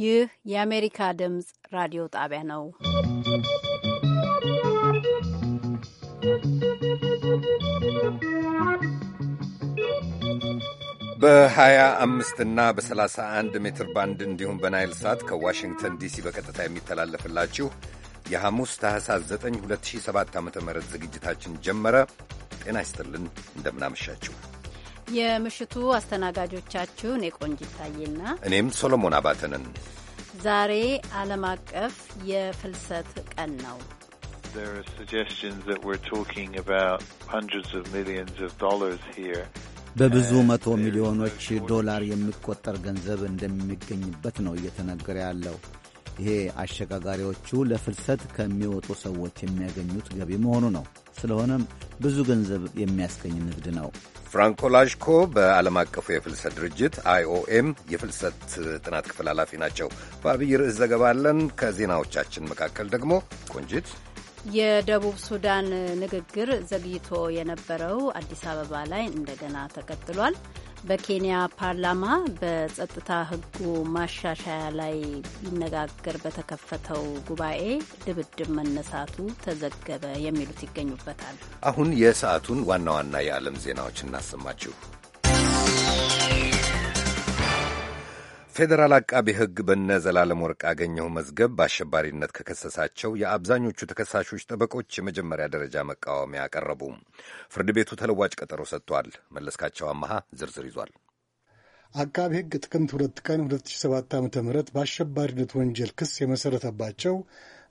ይህ የአሜሪካ ድምፅ ራዲዮ ጣቢያ ነው። በ25 እና በ31 ሜትር ባንድ እንዲሁም በናይል ሳት ከዋሽንግተን ዲሲ በቀጥታ የሚተላለፍላችሁ የሐሙስ ታህሳስ 9 2007 ዓ ም ዝግጅታችን ጀመረ። ጤና ይስጥልን፣ እንደምናመሻችሁ የምሽቱ አስተናጋጆቻችሁ እኔ ቆንጂት ታዬና እኔም ሶሎሞን አባተንን። ዛሬ ዓለም አቀፍ የፍልሰት ቀን ነው። በብዙ መቶ ሚሊዮኖች ዶላር የሚቆጠር ገንዘብ እንደሚገኝበት ነው እየተነገረ ያለው። ይሄ አሸጋጋሪዎቹ ለፍልሰት ከሚወጡ ሰዎች የሚያገኙት ገቢ መሆኑ ነው። ስለሆነም ብዙ ገንዘብ የሚያስገኝ ንግድ ነው። ፍራንኮ ላዥኮ በዓለም አቀፉ የፍልሰት ድርጅት አይኦኤም የፍልሰት ጥናት ክፍል ኃላፊ ናቸው። በአብይ ርዕስ ዘገባ አለን። ከዜናዎቻችን መካከል ደግሞ ቆንጂት የደቡብ ሱዳን ንግግር ዘግይቶ የነበረው አዲስ አበባ ላይ እንደገና ተቀጥሏል። በኬንያ ፓርላማ በጸጥታ ሕጉ ማሻሻያ ላይ ሊነጋገር በተከፈተው ጉባኤ ድብድብ መነሳቱ ተዘገበ የሚሉት ይገኙበታል። አሁን የሰዓቱን ዋና ዋና የዓለም ዜናዎች እናሰማችሁ። ፌዴራል አቃቤ ሕግ በነ ዘላለም ወርቅ ያገኘው መዝገብ በአሸባሪነት ከከሰሳቸው የአብዛኞቹ ተከሳሾች ጠበቆች የመጀመሪያ ደረጃ መቃወሚያ አቀረቡ። ፍርድ ቤቱ ተለዋጭ ቀጠሮ ሰጥቷል። መለስካቸው አመሃ ዝርዝር ይዟል። አቃቤ ሕግ ጥቅምት ሁለት ቀን 2007 ዓ ም በአሸባሪነት ወንጀል ክስ የመሠረተባቸው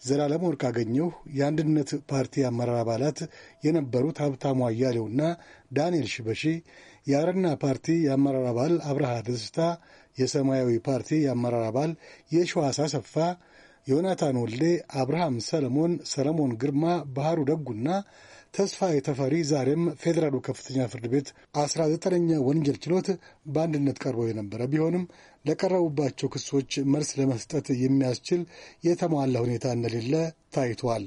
ዘላለም ወርቅ አገኘሁ የአንድነት ፓርቲ አመራር አባላት የነበሩት ሀብታሙ አያሌውና ዳንኤል ሽበሺ፣ የአረና ፓርቲ የአመራር አባል አብርሃ ደስታ፣ የሰማያዊ ፓርቲ የአመራር አባል የሸዋስ አሰፋ፣ ዮናታን ወልዴ፣ አብርሃም ሰለሞን፣ ሰለሞን ግርማ፣ ባህሩ ደጉና ተስፋ የተፈሪ ዛሬም ፌዴራሉ ከፍተኛ ፍርድ ቤት አስራ ዘጠነኛ ወንጀል ችሎት በአንድነት ቀርበው የነበረ ቢሆንም ለቀረቡባቸው ክሶች መልስ ለመስጠት የሚያስችል የተሟላ ሁኔታ እንደሌለ ታይቷል።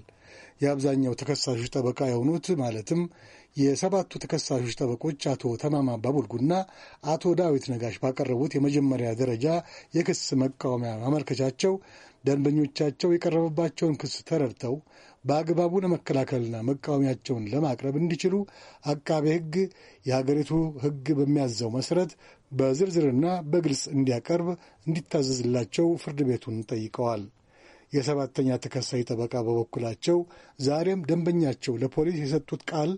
የአብዛኛው ተከሳሾች ጠበቃ የሆኑት ማለትም የሰባቱ ተከሳሾች ጠበቆች አቶ ተማማ ባቡልጉና አቶ ዳዊት ነጋሽ ባቀረቡት የመጀመሪያ ደረጃ የክስ መቃወሚያ ማመልከቻቸው ደንበኞቻቸው የቀረበባቸውን ክስ ተረድተው በአግባቡ ለመከላከልና መቃወሚያቸውን ለማቅረብ እንዲችሉ አቃቤ ሕግ የሀገሪቱ ሕግ በሚያዘው መሠረት በዝርዝርና በግልጽ እንዲያቀርብ እንዲታዘዝላቸው ፍርድ ቤቱን ጠይቀዋል። የሰባተኛ ተከሳይ ጠበቃ በበኩላቸው ዛሬም ደንበኛቸው ለፖሊስ የሰጡት ቃል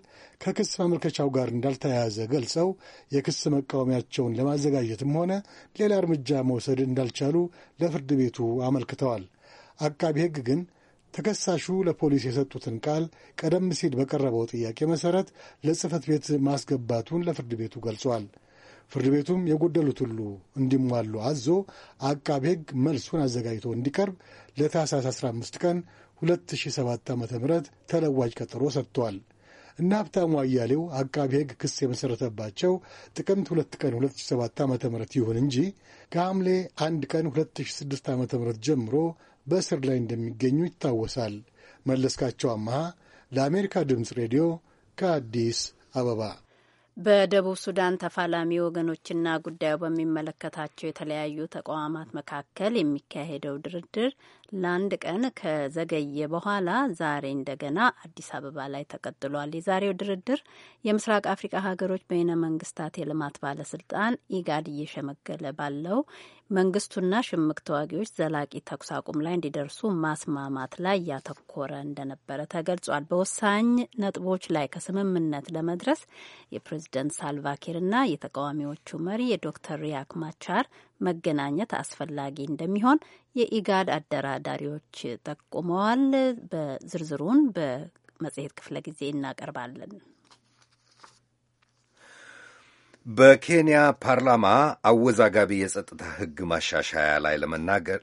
ከክስ ማመልከቻው ጋር እንዳልተያያዘ ገልጸው የክስ መቃወሚያቸውን ለማዘጋጀትም ሆነ ሌላ እርምጃ መውሰድ እንዳልቻሉ ለፍርድ ቤቱ አመልክተዋል። አቃቢ ሕግ ግን ተከሳሹ ለፖሊስ የሰጡትን ቃል ቀደም ሲል በቀረበው ጥያቄ መሠረት ለጽህፈት ቤት ማስገባቱን ለፍርድ ቤቱ ገልጿል። ፍርድ ቤቱም የጎደሉት ሁሉ እንዲሟሉ አዞ አቃቤ ሕግ መልሱን አዘጋጅቶ እንዲቀርብ ለታህሳስ 15 ቀን 2007 ዓ ም ተለዋጭ ቀጠሮ ሰጥቷል። እነ ሀብታሙ አያሌው አቃቤ ሕግ ክስ የመሠረተባቸው ጥቅምት 2 ቀን 2007 ዓ ም ይሁን እንጂ ከሐምሌ 1 ቀን 2006 ዓ ም ጀምሮ በእስር ላይ እንደሚገኙ ይታወሳል። መለስካቸው አመሃ ለአሜሪካ ድምፅ ሬዲዮ ከአዲስ አበባ በደቡብ ሱዳን ተፋላሚ ወገኖችና ጉዳዩ በሚመለከታቸው የተለያዩ ተቋማት መካከል የሚካሄደው ድርድር ለአንድ ቀን ከዘገየ በኋላ ዛሬ እንደገና አዲስ አበባ ላይ ተቀጥሏል። የዛሬው ድርድር የምስራቅ አፍሪካ ሀገሮች በይነ መንግስታት የልማት ባለስልጣን ኢጋድ እየሸመገለ ባለው መንግስቱና ሽምቅ ተዋጊዎች ዘላቂ ተኩስ አቁም ላይ እንዲደርሱ ማስማማት ላይ ያተኮረ እንደነበረ ተገልጿል። በወሳኝ ነጥቦች ላይ ከስምምነት ለመድረስ የፕሬዝደንት ሳልቫኪርና የተቃዋሚዎቹ መሪ የዶክተር ሪያክ ማቻር መገናኘት አስፈላጊ እንደሚሆን የኢጋድ አደራዳሪዎች ጠቁመዋል። በዝርዝሩን በመጽሔት ክፍለ ጊዜ እናቀርባለን። በኬንያ ፓርላማ አወዛጋቢ የጸጥታ ሕግ ማሻሻያ ላይ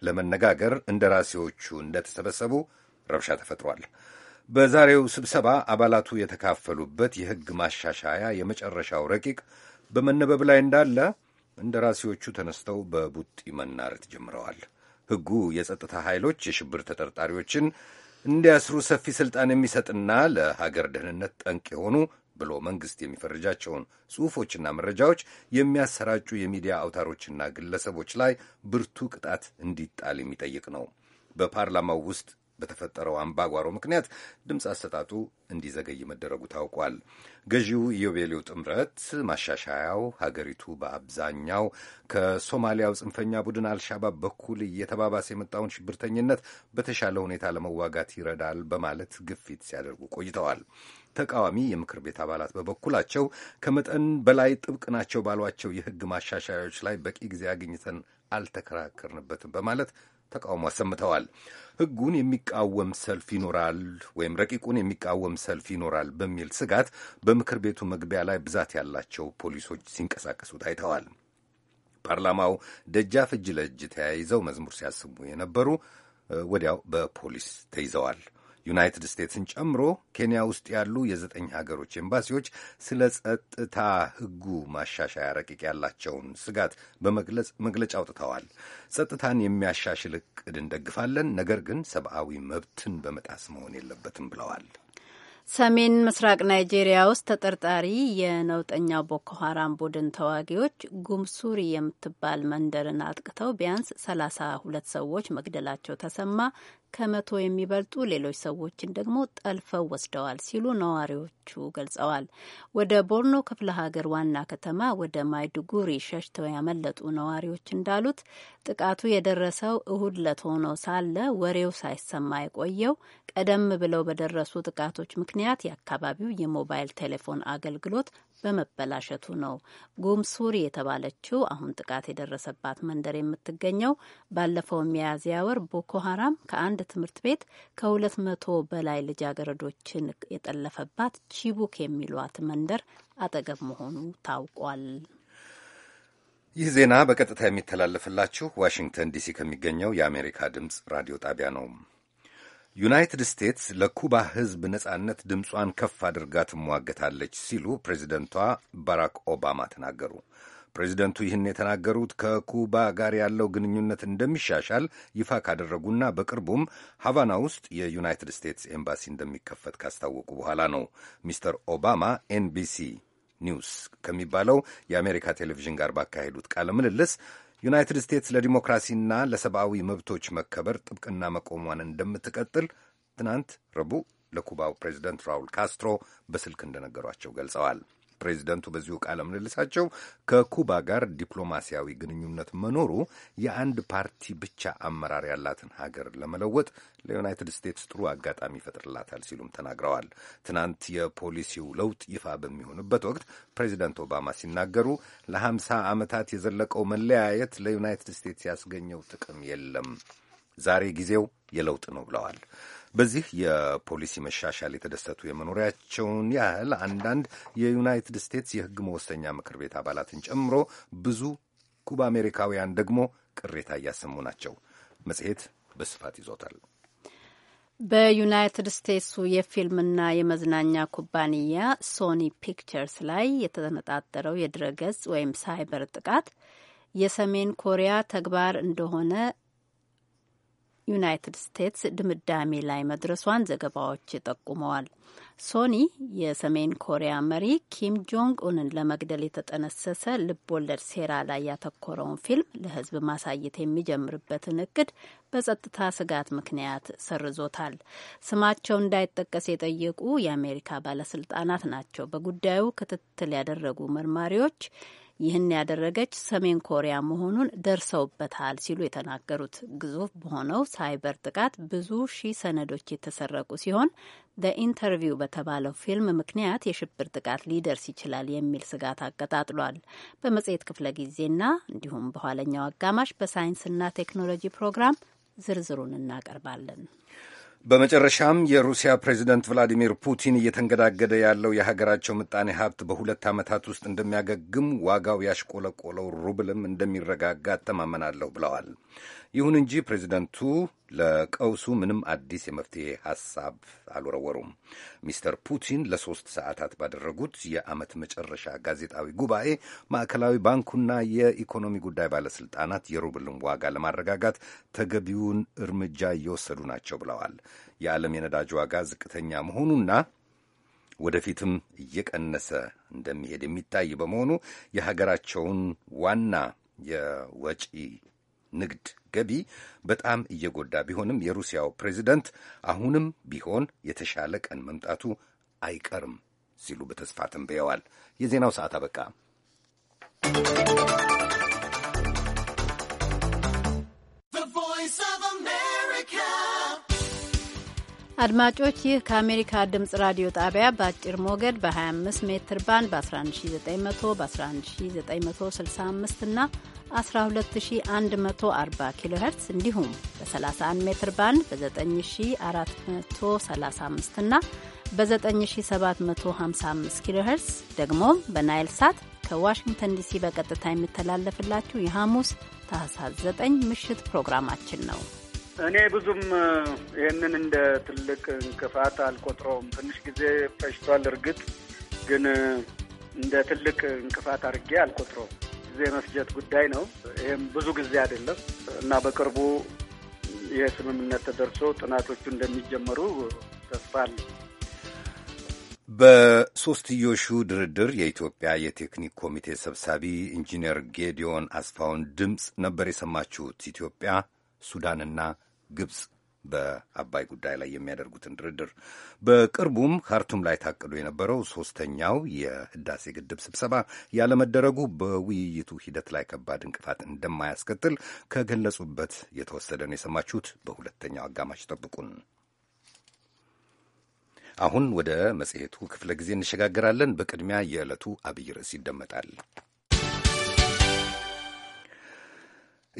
ለመነጋገር እንደራሴዎቹ እንደተሰበሰቡ ረብሻ ተፈጥሯል። በዛሬው ስብሰባ አባላቱ የተካፈሉበት የሕግ ማሻሻያ የመጨረሻው ረቂቅ በመነበብ ላይ እንዳለ እንደራሴዎቹ ተነስተው በቡጢ መናረት ጀምረዋል። ሕጉ የጸጥታ ኃይሎች የሽብር ተጠርጣሪዎችን እንዲያስሩ ሰፊ ስልጣን የሚሰጥና ለሀገር ደህንነት ጠንቅ የሆኑ ብሎ መንግስት የሚፈርጃቸውን ጽሑፎችና መረጃዎች የሚያሰራጩ የሚዲያ አውታሮችና ግለሰቦች ላይ ብርቱ ቅጣት እንዲጣል የሚጠይቅ ነው። በፓርላማው ውስጥ በተፈጠረው አምባጓሮ ምክንያት ድምፅ አሰጣጡ እንዲዘገይ መደረጉ ታውቋል። ገዢው ኢዮቤልዩ ጥምረት ማሻሻያው ሀገሪቱ በአብዛኛው ከሶማሊያው ጽንፈኛ ቡድን አልሻባብ በኩል እየተባባሰ የመጣውን ሽብርተኝነት በተሻለ ሁኔታ ለመዋጋት ይረዳል በማለት ግፊት ሲያደርጉ ቆይተዋል። ተቃዋሚ የምክር ቤት አባላት በበኩላቸው ከመጠን በላይ ጥብቅ ናቸው ባሏቸው የሕግ ማሻሻያዎች ላይ በቂ ጊዜ አግኝተን አልተከራከርንበትም በማለት ተቃውሞ አሰምተዋል። ሕጉን የሚቃወም ሰልፍ ይኖራል ወይም ረቂቁን የሚቃወም ሰልፍ ይኖራል በሚል ስጋት በምክር ቤቱ መግቢያ ላይ ብዛት ያላቸው ፖሊሶች ሲንቀሳቀሱ ታይተዋል። ፓርላማው ደጃፍ እጅ ለእጅ ተያይዘው መዝሙር ሲያስሙ የነበሩ ወዲያው በፖሊስ ተይዘዋል። ዩናይትድ ስቴትስን ጨምሮ ኬንያ ውስጥ ያሉ የዘጠኝ ሀገሮች ኤምባሲዎች ስለ ጸጥታ ሕጉ ማሻሻያ ረቂቅ ያላቸውን ስጋት በመግለጽ መግለጫ አውጥተዋል። ጸጥታን የሚያሻሽል እቅድ እንደግፋለን፣ ነገር ግን ሰብአዊ መብትን በመጣስ መሆን የለበትም ብለዋል። ሰሜን ምስራቅ ናይጄሪያ ውስጥ ተጠርጣሪ የነውጠኛው ቦኮ ሀራም ቡድን ተዋጊዎች ጉምሱሪ የምትባል መንደርን አጥቅተው ቢያንስ ሰላሳ ሁለት ሰዎች መግደላቸው ተሰማ። ከመቶ የሚበልጡ ሌሎች ሰዎችን ደግሞ ጠልፈው ወስደዋል ሲሉ ነዋሪዎቹ ገልጸዋል። ወደ ቦርኖ ክፍለ ሀገር ዋና ከተማ ወደ ማይዱጉሪ ሸሽተው ያመለጡ ነዋሪዎች እንዳሉት ጥቃቱ የደረሰው እሁድ ለት ሆኖ ሳለ ወሬው ሳይሰማ የቆየው ቀደም ብለው በደረሱ ጥቃቶች ምክንያት የአካባቢው የሞባይል ቴሌፎን አገልግሎት በመበላሸቱ ነው። ጉም ሱሪ የተባለችው አሁን ጥቃት የደረሰባት መንደር የምትገኘው ባለፈው ሚያዝያ ወር ቦኮ ሀራም ከአንድ ትምህርት ቤት ከሁለት መቶ በላይ ልጃገረዶችን የጠለፈባት ቺቡክ የሚሏት መንደር አጠገብ መሆኑ ታውቋል። ይህ ዜና በቀጥታ የሚተላለፍላችሁ ዋሽንግተን ዲሲ ከሚገኘው የአሜሪካ ድምፅ ራዲዮ ጣቢያ ነው። ዩናይትድ ስቴትስ ለኩባ ሕዝብ ነጻነት ድምጿን ከፍ አድርጋ ትሟገታለች ሲሉ ፕሬዚደንቷ ባራክ ኦባማ ተናገሩ። ፕሬዚደንቱ ይህን የተናገሩት ከኩባ ጋር ያለው ግንኙነት እንደሚሻሻል ይፋ ካደረጉና በቅርቡም ሀቫና ውስጥ የዩናይትድ ስቴትስ ኤምባሲ እንደሚከፈት ካስታወቁ በኋላ ነው። ሚስተር ኦባማ ኤንቢሲ ኒውስ ከሚባለው የአሜሪካ ቴሌቪዥን ጋር ባካሄዱት ቃለ ምልልስ ዩናይትድ ስቴትስ ለዲሞክራሲና ለሰብአዊ መብቶች መከበር ጥብቅና መቆሟን እንደምትቀጥል ትናንት ረቡዕ ለኩባው ፕሬዚደንት ራውል ካስትሮ በስልክ እንደነገሯቸው ገልጸዋል። ፕሬዚደንቱ በዚሁ ቃለ ምልልሳቸው ከኩባ ጋር ዲፕሎማሲያዊ ግንኙነት መኖሩ የአንድ ፓርቲ ብቻ አመራር ያላትን ሀገር ለመለወጥ ለዩናይትድ ስቴትስ ጥሩ አጋጣሚ ይፈጥርላታል ሲሉም ተናግረዋል። ትናንት የፖሊሲው ለውጥ ይፋ በሚሆንበት ወቅት ፕሬዚደንት ኦባማ ሲናገሩ ለ50 ዓመታት የዘለቀው መለያየት ለዩናይትድ ስቴትስ ያስገኘው ጥቅም የለም፣ ዛሬ ጊዜው የለውጥ ነው ብለዋል። በዚህ የፖሊሲ መሻሻል የተደሰቱ የመኖሪያቸውን ያህል አንዳንድ የዩናይትድ ስቴትስ የሕግ መወሰኛ ምክር ቤት አባላትን ጨምሮ ብዙ ኩባ አሜሪካውያን ደግሞ ቅሬታ እያሰሙ ናቸው። መጽሔት በስፋት ይዞታል። በዩናይትድ ስቴትሱ የፊልምና የመዝናኛ ኩባንያ ሶኒ ፒክቸርስ ላይ የተነጣጠረው የድረገጽ ወይም ሳይበር ጥቃት የሰሜን ኮሪያ ተግባር እንደሆነ ዩናይትድ ስቴትስ ድምዳሜ ላይ መድረሷን ዘገባዎች ጠቁመዋል። ሶኒ የሰሜን ኮሪያ መሪ ኪም ጆንግ ኡንን ለመግደል የተጠነሰሰ ልብ ወለድ ሴራ ላይ ያተኮረውን ፊልም ለሕዝብ ማሳየት የሚጀምርበትን እቅድ በጸጥታ ስጋት ምክንያት ሰርዞታል። ስማቸው እንዳይጠቀስ የጠየቁ የአሜሪካ ባለስልጣናት ናቸው። በጉዳዩ ክትትል ያደረጉ መርማሪዎች ይህን ያደረገች ሰሜን ኮሪያ መሆኑን ደርሰውበታል ሲሉ የተናገሩት ግዙፍ በሆነው ሳይበር ጥቃት ብዙ ሺህ ሰነዶች የተሰረቁ ሲሆን በኢንተርቪው በተባለው ፊልም ምክንያት የሽብር ጥቃት ሊደርስ ይችላል የሚል ስጋት አቀጣጥሏል። በመጽሔት ክፍለ ጊዜና እንዲሁም በኋለኛው አጋማሽ በሳይንስና ቴክኖሎጂ ፕሮግራም ዝርዝሩን እናቀርባለን። በመጨረሻም የሩሲያ ፕሬዚደንት ቭላዲሚር ፑቲን እየተንገዳገደ ያለው የሀገራቸው ምጣኔ ሀብት በሁለት ዓመታት ውስጥ እንደሚያገግም ዋጋው ያሽቆለቆለው ሩብልም እንደሚረጋጋ እተማመናለሁ ብለዋል። ይሁን እንጂ ፕሬዚደንቱ ለቀውሱ ምንም አዲስ የመፍትሄ ሐሳብ አልወረወሩም። ሚስተር ፑቲን ለሦስት ሰዓታት ባደረጉት የዓመት መጨረሻ ጋዜጣዊ ጉባኤ ማዕከላዊ ባንኩና የኢኮኖሚ ጉዳይ ባለሥልጣናት የሩብልን ዋጋ ለማረጋጋት ተገቢውን እርምጃ እየወሰዱ ናቸው ብለዋል። የዓለም የነዳጅ ዋጋ ዝቅተኛ መሆኑና ወደፊትም እየቀነሰ እንደሚሄድ የሚታይ በመሆኑ የሀገራቸውን ዋና የወጪ ንግድ ገቢ በጣም እየጎዳ ቢሆንም የሩሲያው ፕሬዚደንት አሁንም ቢሆን የተሻለ ቀን መምጣቱ አይቀርም ሲሉ በተስፋ ትንብየዋል። የዜናው ሰዓት አበቃ። አድማጮች ይህ ከአሜሪካ ድምጽ ራዲዮ ጣቢያ በአጭር ሞገድ በ25 ሜትር ባንድ በ11900 በ11965 እና 12140 ኪሎ ሄርትስ እንዲሁም በ31 ሜትር ባንድ በ9435 እና በ9755 ኪሎ ሄርትስ ደግሞም በናይል ሳት ከዋሽንግተን ዲሲ በቀጥታ የሚተላለፍላችሁ የሐሙስ ታህሳስ 9 ምሽት ፕሮግራማችን ነው። እኔ ብዙም ይህንን እንደ ትልቅ እንቅፋት አልቆጥረውም። ትንሽ ጊዜ ፈጅቷል። እርግጥ ግን እንደ ትልቅ እንቅፋት አድርጌ አልቆጥረውም። ጊዜ መፍጀት ጉዳይ ነው። ይህም ብዙ ጊዜ አይደለም እና በቅርቡ ይህ ስምምነት ተደርሶ ጥናቶቹ እንደሚጀመሩ ተስፋ አለ። በሦስትዮሹ ድርድር የኢትዮጵያ የቴክኒክ ኮሚቴ ሰብሳቢ ኢንጂነር ጌዲዮን አስፋውን ድምፅ ነበር የሰማችሁት። ኢትዮጵያ ሱዳንና ግብፅ በአባይ ጉዳይ ላይ የሚያደርጉትን ድርድር። በቅርቡም ካርቱም ላይ ታቅዶ የነበረው ሶስተኛው የህዳሴ ግድብ ስብሰባ ያለመደረጉ በውይይቱ ሂደት ላይ ከባድ እንቅፋት እንደማያስከትል ከገለጹበት የተወሰደ ነው የሰማችሁት። በሁለተኛው አጋማሽ ጠብቁን። አሁን ወደ መጽሔቱ ክፍለ ጊዜ እንሸጋገራለን። በቅድሚያ የዕለቱ አብይ ርዕስ ይደመጣል።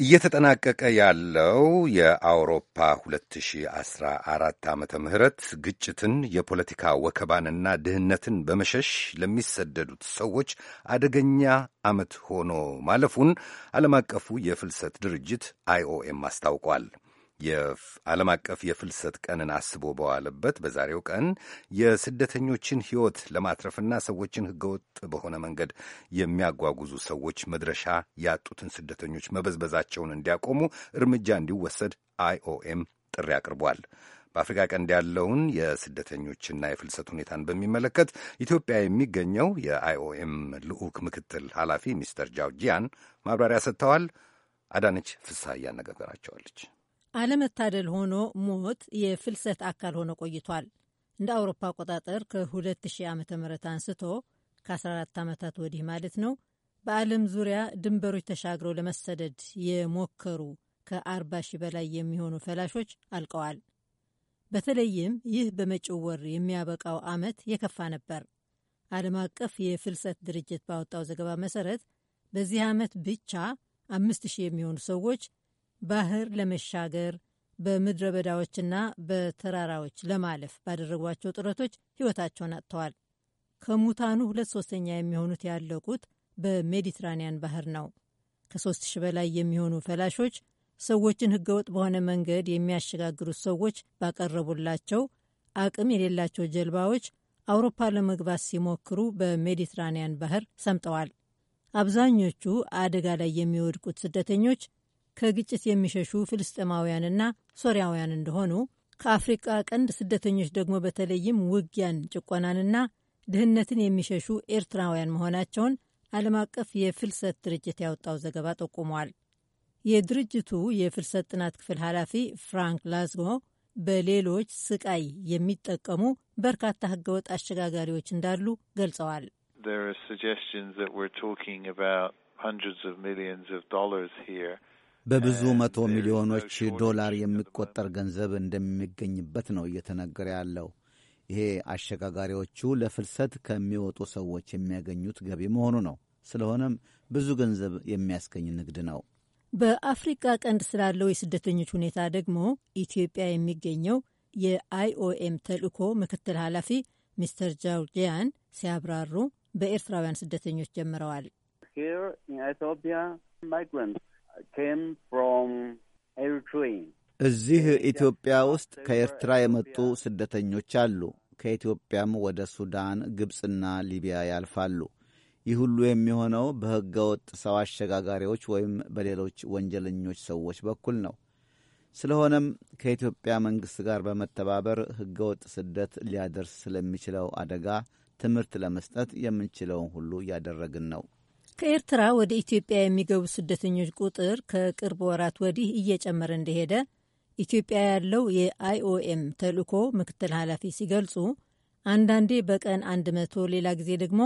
እየተጠናቀቀ ያለው የአውሮፓ 2014 ዓመተ ምህረት ግጭትን፣ የፖለቲካ ወከባንና ድህነትን በመሸሽ ለሚሰደዱት ሰዎች አደገኛ ዓመት ሆኖ ማለፉን ዓለም አቀፉ የፍልሰት ድርጅት አይኦኤም አስታውቋል። የዓለም አቀፍ የፍልሰት ቀንን አስቦ በዋለበት በዛሬው ቀን የስደተኞችን ሕይወት ለማትረፍና ሰዎችን ሕገወጥ በሆነ መንገድ የሚያጓጉዙ ሰዎች መድረሻ ያጡትን ስደተኞች መበዝበዛቸውን እንዲያቆሙ እርምጃ እንዲወሰድ አይኦኤም ጥሪ አቅርቧል። በአፍሪካ ቀንድ ያለውን የስደተኞችና የፍልሰት ሁኔታን በሚመለከት ኢትዮጵያ የሚገኘው የአይኦኤም ልዑክ ምክትል ኃላፊ ሚስተር ጃውጂያን ማብራሪያ ሰጥተዋል። አዳነች ፍስሐ እያነጋገራቸዋለች። አለመታደል ሆኖ ሞት የፍልሰት አካል ሆኖ ቆይቷል። እንደ አውሮፓ አቆጣጠር ከ2000 ዓ ም አንስቶ ከ14 ዓመታት ወዲህ ማለት ነው። በዓለም ዙሪያ ድንበሮች ተሻግረው ለመሰደድ የሞከሩ ከ40 ሺ በላይ የሚሆኑ ፈላሾች አልቀዋል። በተለይም ይህ በመጪው ወር የሚያበቃው ዓመት የከፋ ነበር። ዓለም አቀፍ የፍልሰት ድርጅት ባወጣው ዘገባ መሰረት በዚህ ዓመት ብቻ 5000 የሚሆኑ ሰዎች ባህር ለመሻገር በምድረ በዳዎችና በተራራዎች ለማለፍ ባደረጓቸው ጥረቶች ሕይወታቸውን አጥተዋል። ከሙታኑ ሁለት ሶስተኛ የሚሆኑት ያለቁት በሜዲትራኒያን ባህር ነው። ከሶስት ሺህ በላይ የሚሆኑ ፈላሾች ሰዎችን ህገወጥ በሆነ መንገድ የሚያሸጋግሩት ሰዎች ባቀረቡላቸው አቅም የሌላቸው ጀልባዎች አውሮፓ ለመግባት ሲሞክሩ በሜዲትራኒያን ባህር ሰምጠዋል። አብዛኞቹ አደጋ ላይ የሚወድቁት ስደተኞች ከግጭት የሚሸሹ ፍልስጤማውያንና ሶሪያውያን እንደሆኑ ከአፍሪቃ ቀንድ ስደተኞች ደግሞ በተለይም ውጊያን፣ ጭቆናንና ድህነትን የሚሸሹ ኤርትራውያን መሆናቸውን ዓለም አቀፍ የፍልሰት ድርጅት ያወጣው ዘገባ ጠቁሟል። የድርጅቱ የፍልሰት ጥናት ክፍል ኃላፊ ፍራንክ ላዝጎ በሌሎች ስቃይ የሚጠቀሙ በርካታ ህገወጥ አሸጋጋሪዎች እንዳሉ ገልጸዋል። በብዙ መቶ ሚሊዮኖች ዶላር የሚቆጠር ገንዘብ እንደሚገኝበት ነው እየተነገረ ያለው። ይሄ አሸጋጋሪዎቹ ለፍልሰት ከሚወጡ ሰዎች የሚያገኙት ገቢ መሆኑ ነው። ስለሆነም ብዙ ገንዘብ የሚያስገኝ ንግድ ነው። በአፍሪቃ ቀንድ ስላለው የስደተኞች ሁኔታ ደግሞ ኢትዮጵያ የሚገኘው የአይኦኤም ተልእኮ ምክትል ኃላፊ ሚስተር ጃውርጂያን ሲያብራሩ በኤርትራውያን ስደተኞች ጀምረዋል። እዚህ ኢትዮጵያ ውስጥ ከኤርትራ የመጡ ስደተኞች አሉ። ከኢትዮጵያም ወደ ሱዳን፣ ግብፅና ሊቢያ ያልፋሉ። ይህ ሁሉ የሚሆነው በሕገ ወጥ ሰው አሸጋጋሪዎች ወይም በሌሎች ወንጀለኞች ሰዎች በኩል ነው። ስለሆነም ከኢትዮጵያ መንግሥት ጋር በመተባበር ሕገ ወጥ ስደት ሊያደርስ ስለሚችለው አደጋ ትምህርት ለመስጠት የምንችለውን ሁሉ እያደረግን ነው። ከኤርትራ ወደ ኢትዮጵያ የሚገቡ ስደተኞች ቁጥር ከቅርብ ወራት ወዲህ እየጨመረ እንደሄደ ኢትዮጵያ ያለው የአይኦኤም ተልእኮ ምክትል ኃላፊ ሲገልጹ አንዳንዴ በቀን አንድ መቶ ሌላ ጊዜ ደግሞ